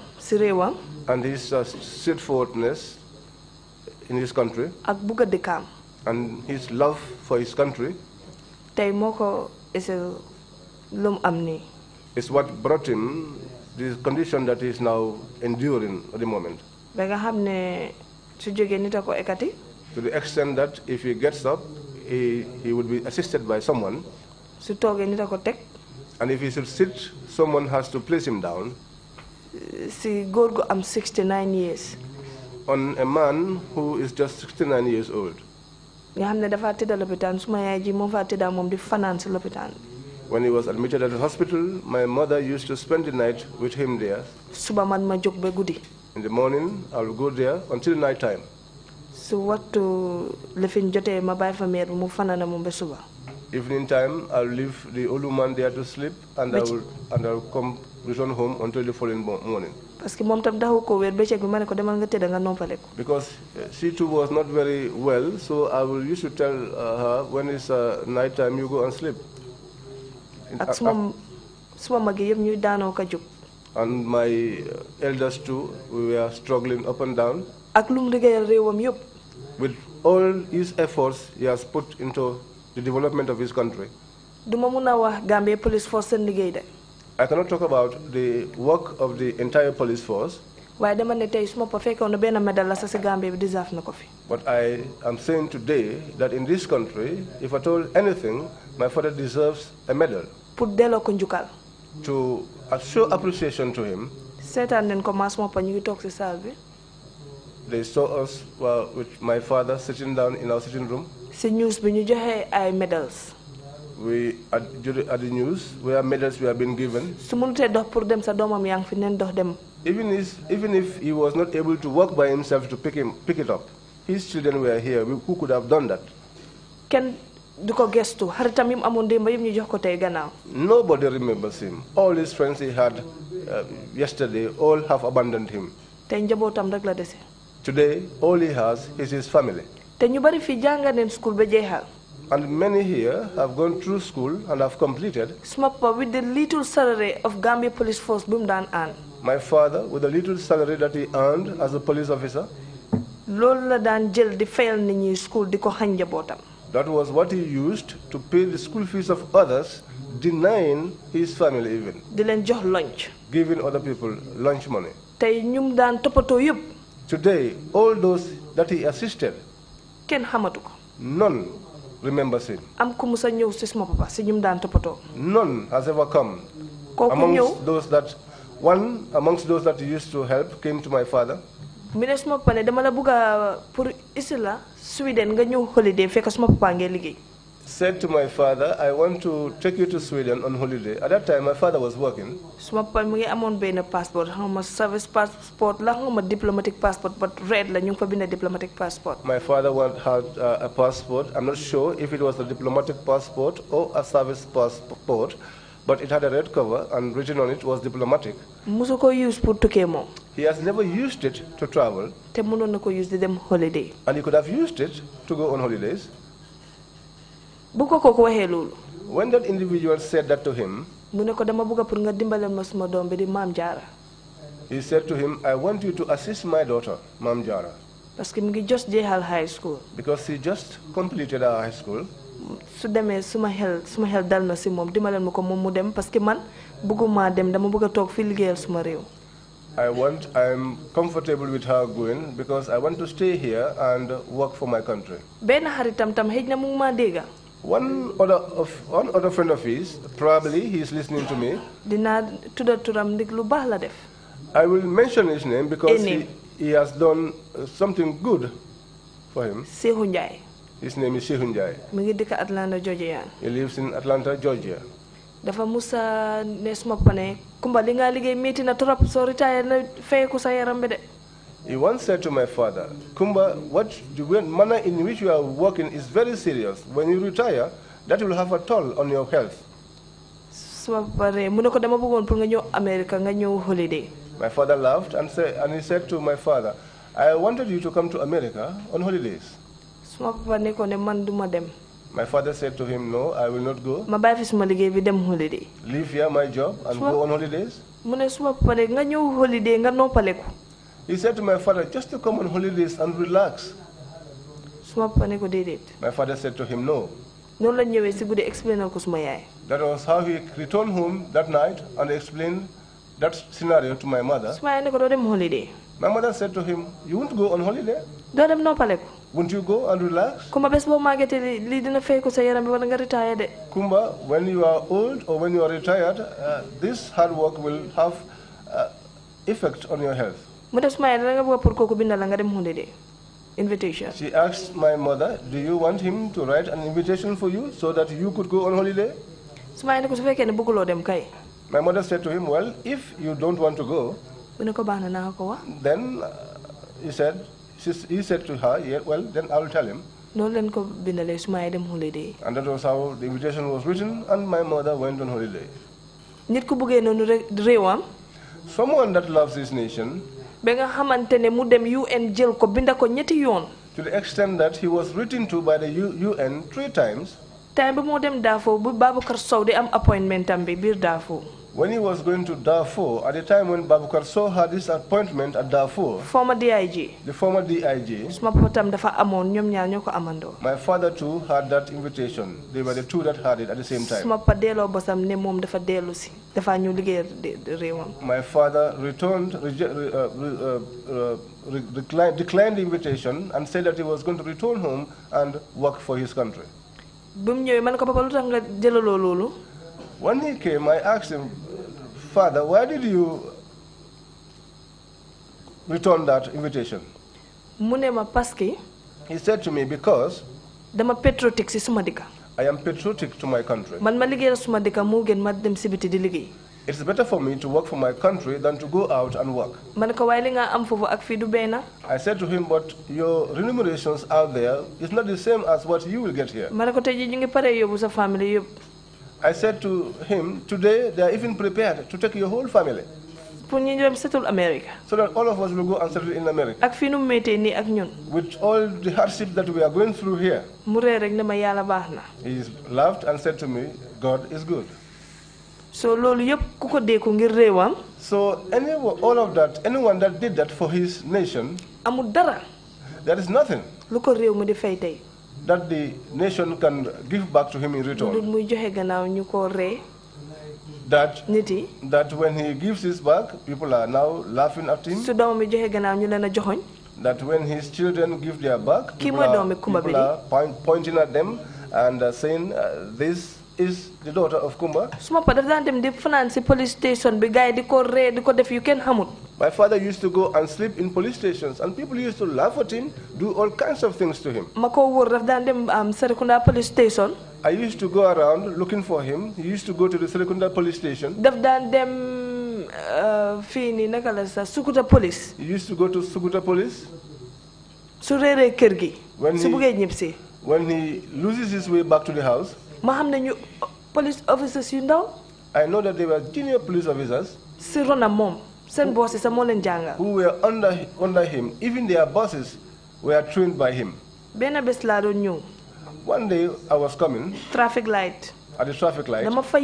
and his uh, straightforwardness in his country. ak bugg and his love for his country. tey is what brought him this condition that he is now enduring at the moment. ko ekati. to the extent that if he gets up he, he would be assisted by someone. And if he should sit, someone has to place him down. See, góor i am 69 years. On a man who is just 69 years old. When he was admitted at the hospital, my mother used to spend the night with him there. In the morning, I will go there until night time su waxtu lifin jotee ma bàyyi fa meer bi mu fanana moom ba suba. evening time I'll leave the old man there to sleep and I will and I will come return home until the following morning. parce que moom tam daxu ko wér bëccëg bi ma ne ko demal nga tëdd nga noppale ko. because eh, she too was not very well so I will used to tell uh, her when it's uh, night time you go and sleep. ak uh, suma suma mag yi yëpp ñuy daanoo ka jóg. and my elders too we were struggling up and down. ak lu mu liggéeyal réewam yëpp with all his efforts he has put into the development of his country. duma mun a wax police force seen liggéey I cannot talk about the work of the entire police force. Why dama ne tey su ma ko fekkoon benn medal la sa si Gambia bi deserve no coffee? But I am saying today that in this country if at all anything my father deserves a medal. pour delloo ko to show appreciation to him. seetaan nañ ko maa suma pa ñu ngi toog si salle they saw us uh, with my father sitting down in our sitting room. Si news bi ñu joxe ay medals. We at, at the news we where medals we have been given. Su mënutee dox pour dem sa doomam yaa fi neen dox dem. Even if even if he was not able to walk by himself to pick him pick it up, his children were here. Who could have done that? Kenn du ko gestu xaritam yi mu amoon démb yëpp ñu jox ko tey gannaaw. Nobody remembers him. All his friends he had uh, yesterday all have abandoned him. Tey njabootam rek la dese. Today, all he has is his family. te ñu bari fi jàng neen school ba jeexal. And many here have gone through school and have completed. SMAPPA with the little salary of Gambia Police Force bu mu daan earn. My father with the little salary that he earned as a police officer. loolu la daan jël di fayal nit ñi school di ko xañ njabootam. That was what he used to pay the school of others, denying his family even. di leen jox lunch. Giving other people lunch money. tey ñum daan yëpp. Today, all those that he assisted, kenn xamatu ko. none remembers him. am ku sa ñëw si suma papa si ñum daan toppatoo. none has ever come. kooku ñëw amongst those that one amongst those that used to help came to my father. mu ne suma papa ne dama la bugg a pour Isla Sweden nga ñëw holiday fekk suma papa ngee liggéey. said to my father, I want to take you to Sweden on holiday. At that time, my father was working. Suma pa mu ngi amone ben passport, xawma service passport la xawma diplomatic passport, but red la ñu diplomatic passport. My father had uh, a passport. I'm not sure if it was a diplomatic passport or a service passport, but it had a red cover and written on it was diplomatic. Musu ko use He has never used it to travel. Te nako use di holiday. And he could have used it to go on holidays. bu ko ko waxee loolu. when that individual said that to him. mu ne ko dama bëgg pour nga dimbale ma suma doom bi di maam jaara. he said to him I want you to assist my daughter maam jaara. parce que mu ngi jos jeexal high school. because she just completed her high school. su demee suma xel ma xel dal na si moom dimbaleel ma ko moom mu dem parce que man bëgguma dem dama bëgg toog fii liggéeyal suma réew. I want I'm comfortable with her going because want to stay here and one other of one other friend of his probably he listening to me. dinaa tudda turam ndig lu baax la def. I will mention his name because he, he has done uh, something good for him. Sehu Njai. His name is Sehu Njai. mi ngi dëkk Atlanta Georgia. he lives in Atlanta Georgia. dafa musa ne suma pone kumba li nga liggéey métti na trop soo retire na feyeku sa yaram bi de. He once said to my father, Kumba, what the manner in which you are working is very serious. When you retire, that will have a toll on your health. My father laughed and, said, and he said to my father, I wanted you to come to America on holidays. My father said to him, No, I will not go. Leave here my job and go on holidays. He said to my father, just to come on holidays and relax. My father said to him, no. explain That was how he returned home that night and explained that scenario to my mother. My mother said to him, you won't go on holiday. doo Won't you go and relax? Kumba, Kumba, when you are old or when you are retired, uh, this hard work will have uh, effect on your health mu def nga bëgg pour kooku la nga dem hunde de invitation. She asked my mother, do you want him to write an invitation for you so that you could go on holiday? ne ko su fekkee ne dem kay. My mother said to him, well, if you don't want to go. mu ne ko baax na naa ko wax. Then uh, he said she, he said to her, yeah, well, then I will tell him. noonu leen ko bindalee su dem holiday. and that was how the invitation was written and my mother went on holiday. nit ku bëggee noonu réewam. someone that loves his nation. ba nga xamante ne mu dem UN jël ko bind a ko ñetti yoon. to the extent that he was written to by the UN three times. time bi moo dem Darfur bu Baboucarr Sow di am appointment bi biir Darfur. When he was going to Darfur, at the time when Babukar saw her disappointment at Darfur, former DIG, the former DIG, my father too had that invitation. They were the two that had it at the same time. My father returned, uh, uh, uh, declined, declined the invitation and said that he was going to return home and work for his country. When he came, I asked him, father, why did you return that invitation? mu ma parce he said to me because. dama patriotic si suma I am patriotic to my country. man ma liggéeyal suma dëkka moo gën ma it is better for me to work for my country than to go out and work. man ko waaye I said to him but your remunerations out there is not the same as what you will get here. man ko tey jii pare yóbbu sa famille I said to him, today they are even prepared to take your whole family. pour settle America. so that all of us will go and settle in America. ak mete nu with all the hardship that we are going through here. mu ree he laughed and said to me God is good. so loolu yëpp kuko de dee so any all of that anyone that did that for his nation. Amudara. that is nothing. lu ko réew that the nation can give back to him in return. That, that when he gives his back, people are now laughing at him. That when his children give their back, people are, people are pointing at them and uh, saying, uh, This is the daughter of Kumba. suma pa dem di police station bi di ko di ko def My father used to go and sleep in police stations, and people used to laugh at him, do all kinds of things to him. ma ko wóor dem am police station. I used to go around looking for him. He used to go to the Serikunda police station. daf daan dem eh, fii nii naka la Sukuta police. He used to go to Sukuta police. su réeree When he loses his way back to the house. Maham, xam ne euh, police officers yu ndaw. I know that they were junior police officers. si ronam mom seen boss yi sax moo jàngal. who were under under him even their bosses were trained by him. Bena bés laa doon ñëw. one day I was coming. traffic light. at the traffic light. dama fa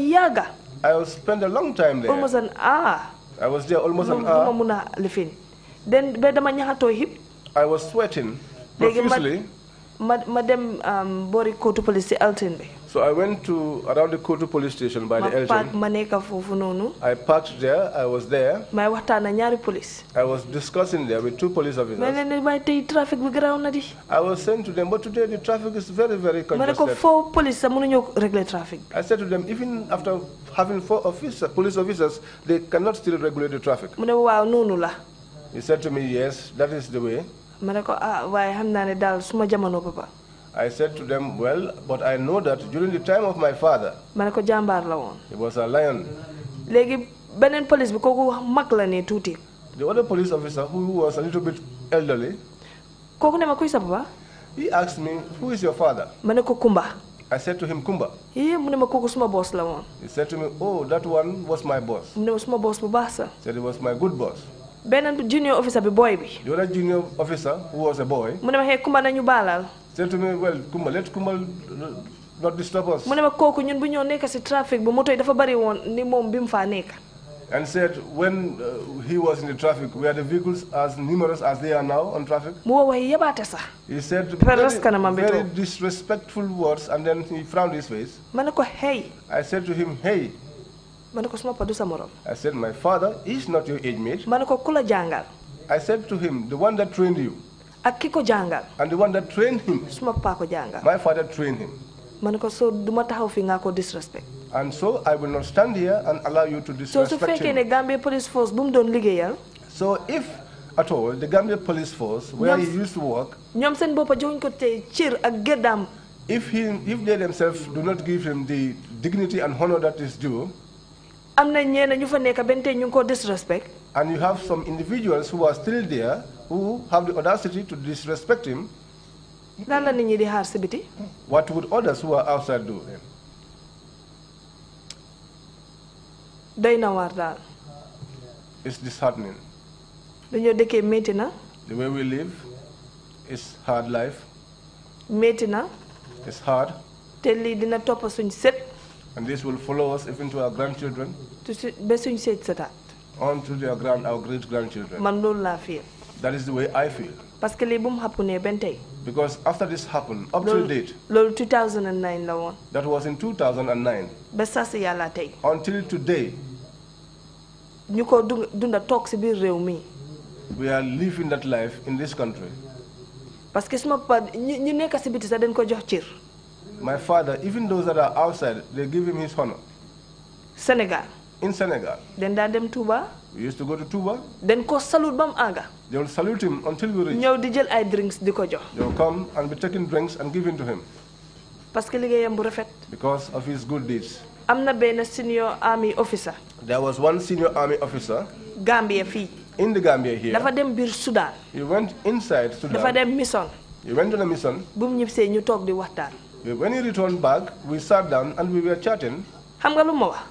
I was spent a long time there. almost an hour. I was there almost an hour. dama muna a then ba dama ñaxatoo hip. I was sweating profusely. Madam ma ma dem um, police si Elton so I went to around the Koto police station by the Elgin. I parked there. I was there. My waxtaan ak police. I was discussing there with two police officers. I was saying to them but today the traffic is very very congested. police I said to them even after having four police officers they cannot still regulate the traffic. mu He said to me yes that is the way. I said to them, well, but I know that during the time of my father. ma ne ko jàmbaar la woon. he was a lion. léegi beneen police bi kooku mag la ne tuuti. the other police officer who was a little bit elderly. kooku ne ma kuy sa papa. he asked me who is your father. ma ne ko Kumba. I said to him Kumba. yee mu ne ma kooku suma boss la woon. he said to me oh that one was my boss. mu ne ma suma boss bu baax sa. said it was my good boss. was a boy. mu ne ma xëy said to me well Kumal, let Kumal not disturb us. mu ne ma kooku neka si traffic, bu moto yi bari ni moom and said when uh, he was in the traffic, were the vehicles as numerous as they are now on traffic? He said very, very disrespectful words and then he frowned his face. I said to him, hey. I said, my father is not your age mate. I said to him, the one that trained you. ak ki ko jàngal. and the one that trained him. suma papa ko jàngal. my father trained him. ma ne ko soo duma taxaw fi nga ko disrespect. and so I will not stand here and allow you to disrespect ne Gambia police force bu mu doon liggéeyal. so if at all the Gambia police force. where he used to work. ñoom seen boppa joxuñ ko tey cër ak gëddaam. if he if they themselves do not give him the dignity and honor that is due. am na ñeneen ñu fa nekk benn tey ñu ngi ko disrespect. And you have some individuals who are still there who have the audacity to disrespect him. What would others who are outside do then? It's disheartening. The way we live is hard life. It's hard. And this will follow us even to our grandchildren. on to their grand our great grandchildren. man loolu laa feel. that is the way I feel. parce que lii bu mu happunee benn tey. because after this happened up to date. loolu la woon. that was in 2009. ba sas yàlla tey. until today. ñu ko dunda toog si biir réew mi. we are living that life in this country. parce que suma pa ñu nekk si biti sax dañ ko jox cir. my father even those that are outside they give him his honor. Sénégal. in Senegal. Then daan dem Touba. We used to go to Touba. Then ko salute bam aga. They will salute him until we reach. ñëw di jël ay drinks the ko jox. They will come and be taking drinks and giving to him. parce que liggéeyam bu rafet. because of his good deeds. am na benn senior army officer. there was one senior army officer. Gambia fii. in the Gambia here. dafa dem biir Sudan. he went inside Sudan. dafa dem mission. he went on a mission. bu mu ñibbisee ñu toog di waxtaan. when he returned back we sat down and we were chatting. xam nga lu ma wax.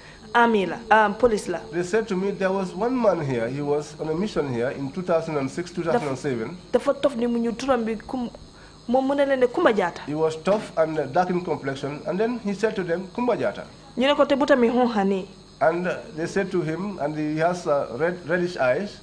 army la, um, police la. They said to me there was one man here, he was on a mission here in 2006, 2007. The tof of mu ñu turam bi ne ne he was tough and dark in complexion and then he said to them kumbajata. ne and they said to him and he has uh, red reddish eyes.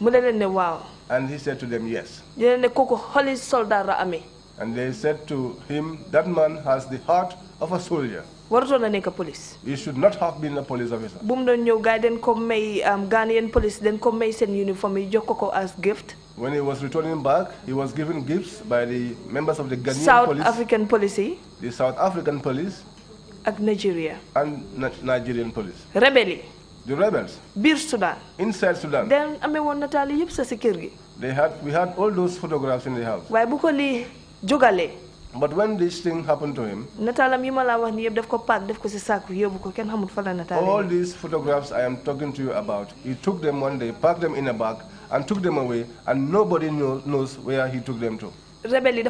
ne ne and he said to them yes. ne ne and they said to him that man has the heart of a soldier warutoon na nekk police. You should not have been a police officer. bu mu doon ñëw gars yi dañ ko may um, Ghanaian police dañ ko may seen uniform, yi jox ko as gift. when he was returning back he was given gifts by the members of the Ghanaian South police. South African police the South African police. ak Nigeria. and Nigerian police. rebel the rebels. Bir Sudan. inside Sudan. then amee woon nataali yëpp sa si kër gi. they had we had all those photographs in the house. waaye bu ko lii jógalee but when this thing happened to him all these photographs I am talking to you about he took them one day packed them in a bag and took them away and nobody knows where he took them to rebel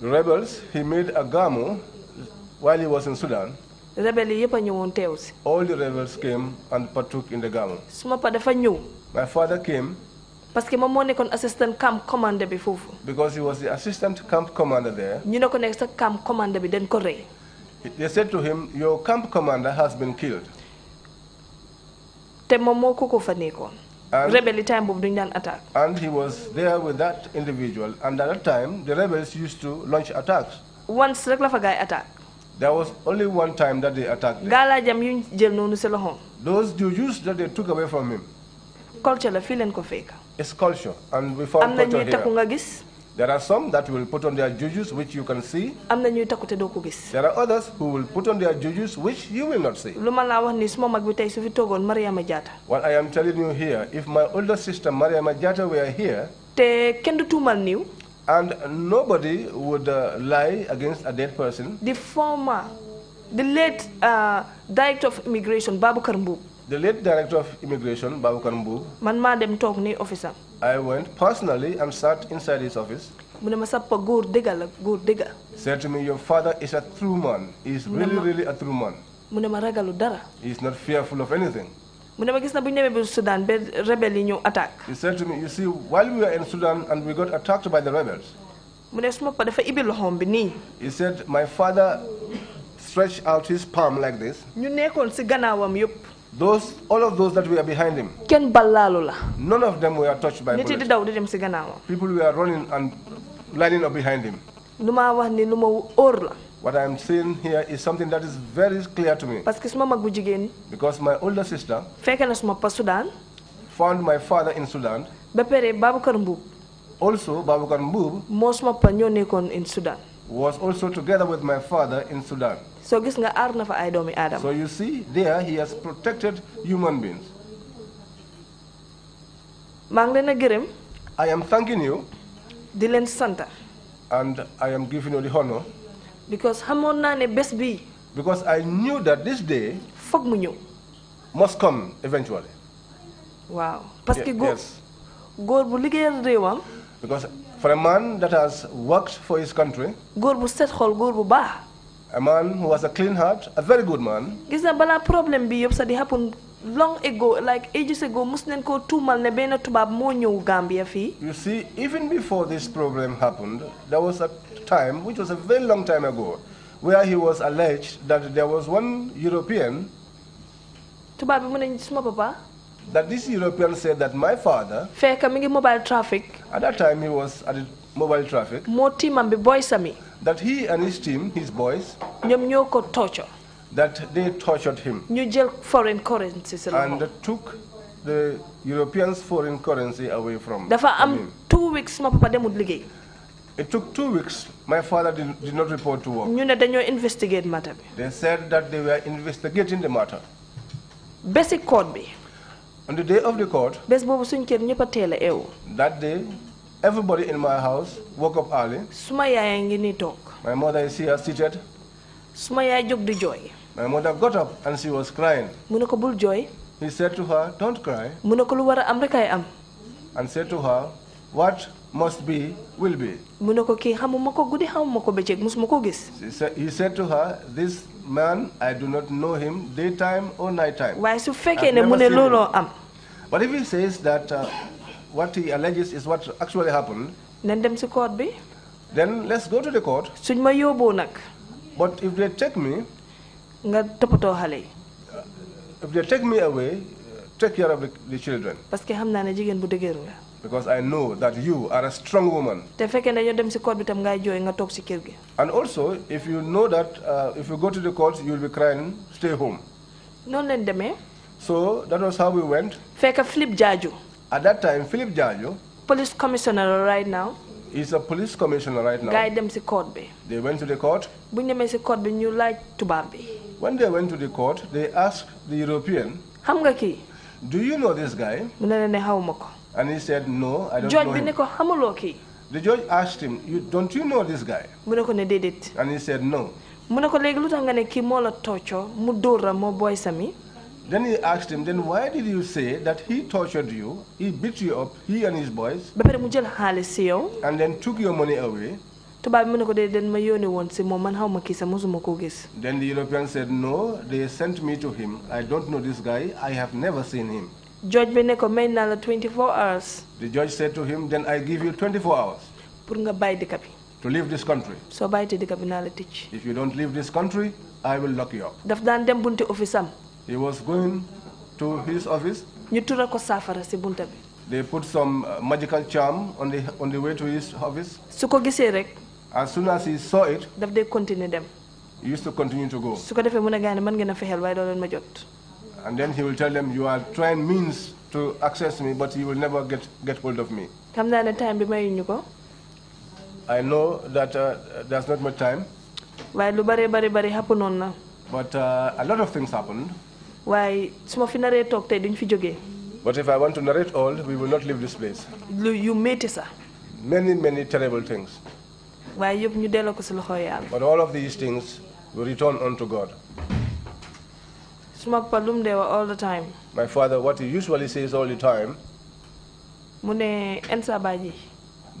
rebels he made a gamo while he was in Sudan all the rebels came and partook in the gamo. my father came parce que moom assistant camp commander bi foofu. because he was the assistant camp commander there. ñu ne ko nekk sa camp commander bi dañ ko they said to him your camp commander has been killed. te moom moo kooku fa nekkoon. And, time duñ attack. and he was there with that individual and at that time the rebels used to launch attacks. once rek la fa attack. There was only one time that they attacked Those jewels that they took away from him. Culture la fi len ko a sculpture, and we found on here. There are some that will put on their jujus, which you can see. There are others who will put on their jujus, which you will not see. What I am telling you here, if my older sister Maria Majata were here, and nobody would uh, lie against a dead person. The former, the late uh, director of immigration, Babu Karmbub, the late director of immigration, Babu Mbub. Man ma dem tok ni office I went personally and sat inside his office. Mu ne ma sa pa Said to me, your father is a true man. He is really, really a true man. Mu ne ma ragalu He is not fearful of anything. He said to me, you see, while we were in Sudan and we got attacked by the rebels, he said, my father stretched out his palm like this. those all of those that were behind him. kenn ballaalu la. none of them were touched by. nit yi daw di dem si gannaawam. people were running and lining up behind him. lu ma wax ni lu ma óor la. What I am saying here is something that is very clear to me. Parce que suma mag bu jigéen. Because my older sister. fekk na suma pa Sudan. found my father in Sudan. ba pare Babakar Mbuub. also Babakar Mbuub. moo suma pa ñoo nekkoon in Sudan. was also together with my father in Sudan. So adam. So you see there he has protected human beings. I am thanking you. Dylan Santa. and I am giving you the honor. because because I knew that this day. foog mu ñëw. must come eventually. Wow. Yes. because for a man that has worked for his country, a man who has a clean heart, a very good man. This is a problem bi yëpp happened long ago like ages ago mus nañ koo tuumal ne Gambia you see even before this problem happened there was a time which was a very long time ago where he was alleged that there was one European. tubaab bi mu suma that this European said that my father. Fair coming mobile traffic. at that time he was at mobile traffic. that he and his team his boys. ñoom ñoo torture. that they tortured him. New jël foreign currency and took the Europeans foreign currency away from. dafa am two weeks It took two weeks. My father did, did not report to work. ñu ne dañoo investigate matter They said that they were investigating the matter. basic code be. On the day of the court, bés boobu suñ kër ñëpp a teel a eewu. That day, everybody in my house woke up early. Suma yaay ngi nii toog. My mother is here seated. Suma yaay jóg di jooy. My mother got up and she was crying. Mu ne ko bul jooy. He said to her, don't cry. Mu ne ko lu war a am rek ay am. And said to her, what must be will be. mu ne ko kii xamuma ko guddi xamuma ko bëccëg musuma ko gis. he said to her this man I do not know him daytime or nighttime. waaye But if he says that uh, what he alleges is what actually happened, then court be. Then let's go to the court. Suñ ma yóbboo nag. But if they take me, nga toppatoo uh, If they take me away, uh, take care of the, the children. Parce que bu nga. Because I know that you are a strong woman. Te court And also if you know that uh, if you go to the court you will be crying, stay home. Noonu leen so that was how we went. Feka Philip Jajo. At that time, Philip Jajo. Police commissioner right now. He's a police commissioner right now. Guide them to court be. They went to the court. When they went to court be new like to Bambi. When they went to the court, they asked the European. Hamgaki. Do you know this guy? And he said, No, I don't George know. Him. The judge asked him, you, Don't you know this guy? And he said, No. mu ne ko léegi lu tax nga mo kii sami then he asked him, then why did you say that he tortured you, he beat you up, he and his boys? and then took your money away. tubaab bi mu den ma yónni woon si moom man xaw ma then the European said no they sent me to him I don't know this guy I have never seen him. judge bi ne 24 hours. the judge said to him then I give you 24 hours. pour nga bàyyi to leave this country. So bàyyi dëkk bi if you don't leave this country I will lock you up. daf dan dem bunti office he was going to his office. they put some uh, magical charm on the on the way to his office. as soon as he saw it. he used to continue to go. and then he will tell them you are trying means to access me but you will never get get hold of me. time I know that uh, there's not much time. but uh, a lot of things happened waaye su ma fi naree toog tey duñ fi jógee. But if I want to narrate all, we will not leave this place. lu yu métti sax. many many terrible things. waaye yëpp ñu delloo ko si loxo yàlla. But all of these things will return unto God. suma papa lu mu dee all the time. My father what he usually says all the time. mu ne Ensa Baji.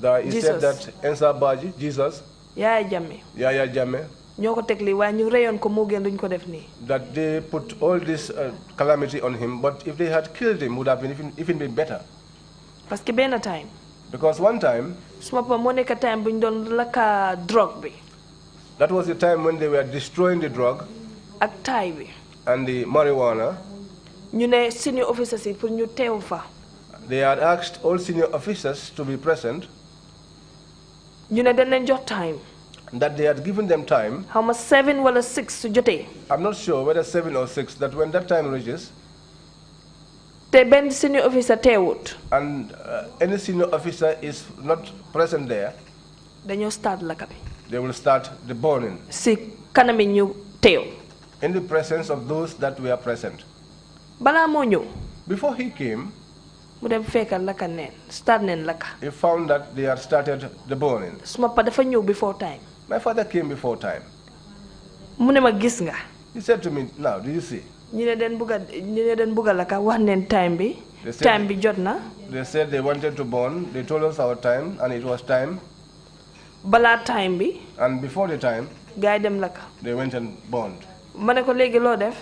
that he said that Ensa Baji Jesus. Yaaya Jammeh. Yaaya Jammeh that they put all this uh, calamity on him but if they had killed him would have been even even been better. parce que time. because one time. suma papa moo nekk time bu ñu doon lakka drogue that was the time when they were destroying the drug. ak taay and the marijuana. You know, senior officers yi pour ñu teew they had asked all senior officers to be present. You know, the end of time that they had given them time. much seven or six su I'm not sure whether seven or six that when that time reaches. they benn senior officer tailwood. and uh, any senior officer is not present there. you start like they will start the burning. si kanami ñu in the presence of those that were present. Balamonyo. before he came. mu dem fekk lakka start he found that they had started the burning. suma before time. My father came before time. mu ne ma gis nga. He said to me now do you see. ñu ne den bugg a ñu ne den bugg a wax neen time bi. time bi jot na. they said they wanted to born they told us our time and it was time. balaa time bi. and before the time. gars yi dem laka. they went and burned. ma ne ko léegi loo def.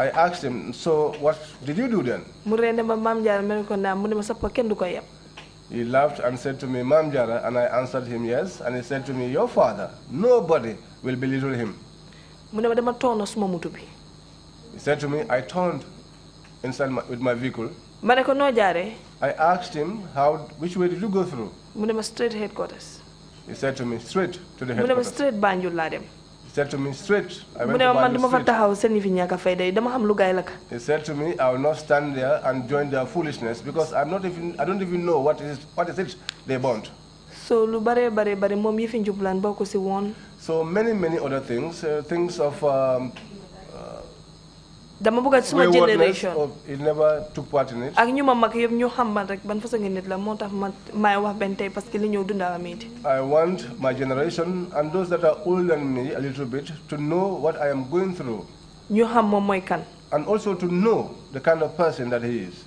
I asked him so what did you do then. mu ree ne ma maam Jaara mu ne ma sa kenn du ko yeb. He laughed and said to me, Mamjara, and I answered him yes. And he said to me, your father, nobody will belittle him. He said to me, I turned inside my, with my vehicle. I asked him, how, which way did you go through? He said to me, straight to the headquarters. straight said to me straight. I went to man dama He said to me, I will not stand there and join their foolishness because I'm not even I don't even know what is what is it they want. So lu bare bare bare moom yi si woon. So many many other things, uh, things of um, dama bëgg a suma génération il never took part in it. ak ñu ma mag yëpp ñu xam man rek ban façon nit la moo tax ma maay wax benn tey parce que li ñëw dunda I want my generation and those that are older than me a little bit to know what I am going through. ñu xam moom mooy and also to know the kind of person that he is.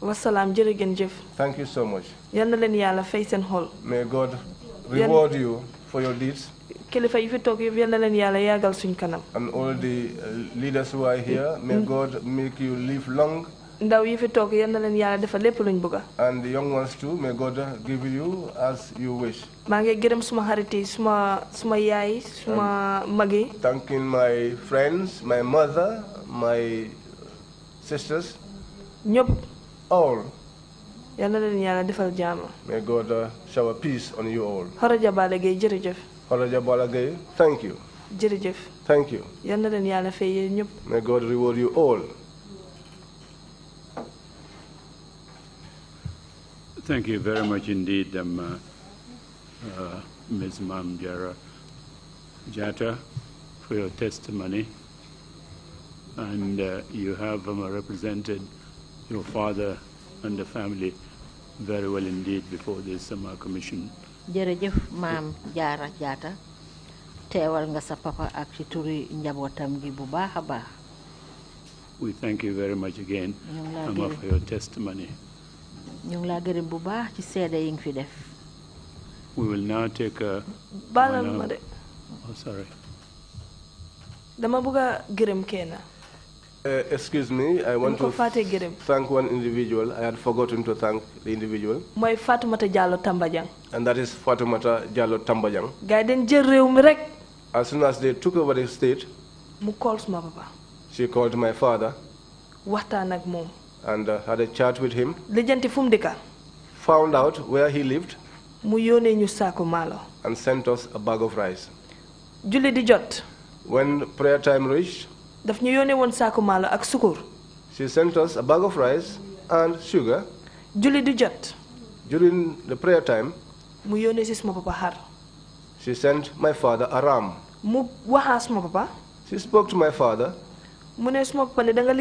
Wassalam jërë ngeen thank you so much. yal na leen yàlla fay seen may God reward you for your deeds. kilifa yi fi toog yëpp yal na leen yàlla yàggal suñ kanam. and all the uh, leaders who are here. may mm. God ndaw yi fi toog yal leen yàlla defal lépp luñ bëgg. and the may God uh, give you as you wish. maa ngi gërëm suma xarit yi suma suma yaay suma mag yi. thanking my friends my mother my sisters. ñëpp. all. yal na leen yàlla defal jàmm. may God uh, shower peace on you all. Horoja Balogue jërëjëf. thank you. Jërëjëf. Thank you. yàlla May God reward you all. Thank you very much indeed, um, uh, uh Ms. Mamjara Jata, for your testimony. And uh, you have um, represented your father and the family very well indeed before this summer uh, commission. jërëjëf maam jaara jaata teewal nga sa papa ak ci turi njabootam gi bu baax a baax. we thank ngi laa gërëm bu baax ci seede yi nga fi def. we will now take baalal ma de. Oh, dama bëgg a gërëm kenn. Uh, excuse me, I want to thank one individual. I had forgotten to thank the individual. My Fatoumata Diallo Tambajang. And that is Fatoumata Diallo Tambajang. Gaay dañ jël rek. As soon as they took over the state, mu call suma papa. She called my father. Waxtaan ak mom. And uh, had a chat with him. Lijanti fum Found out where he lived. Mu yone ñu malo. And sent us a bag of rice. Julli di jot. When prayer time reached, daf ñu yónnee woon saako maalo ak sukkur. she sent us a bag of rice and sugar. julli du jot. during the prayer time. mu yónnee papa she sent my father a ram. mu waxaa papa. she spoke to my father. mu ne suma papa ne da nga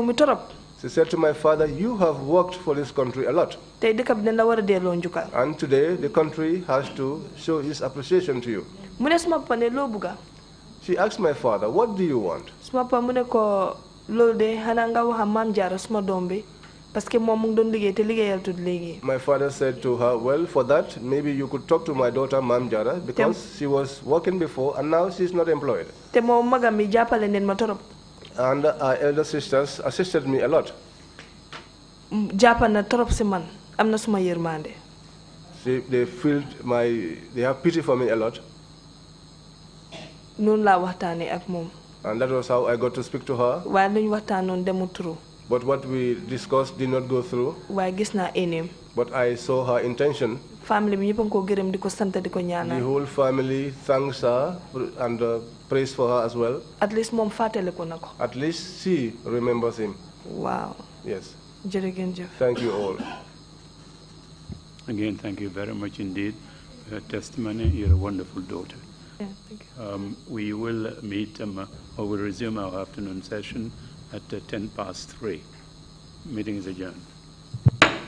mi torop. She said to my father, You have worked for this country a lot. And today the country has to show its appreciation to you. She asked my father, what do you want? My father said to her, well, for that, maybe you could talk to my daughter, Mam Jara, because she was working before and now she's not employed. They moom me mi jàppale neen And our elder sisters assisted me a lot. jàppal am They, they feel my, they have pity for me a lot noonu laa waxtaanee ak and that was how I got to speak to her. but what we discussed did not go through. gis but I saw her intention. family bi ñëpp ko gërëm ñaanal. the whole family thanks her and uh, prays for her as well. at least mom fatale na at least she remembers him. Wow. yes. jërëjëf. thank you all. again thank you very much indeed for your testimony. You're a wonderful daughter um, we will meet, um, or we'll resume our afternoon session at uh, 10 past 3. Meeting is adjourned.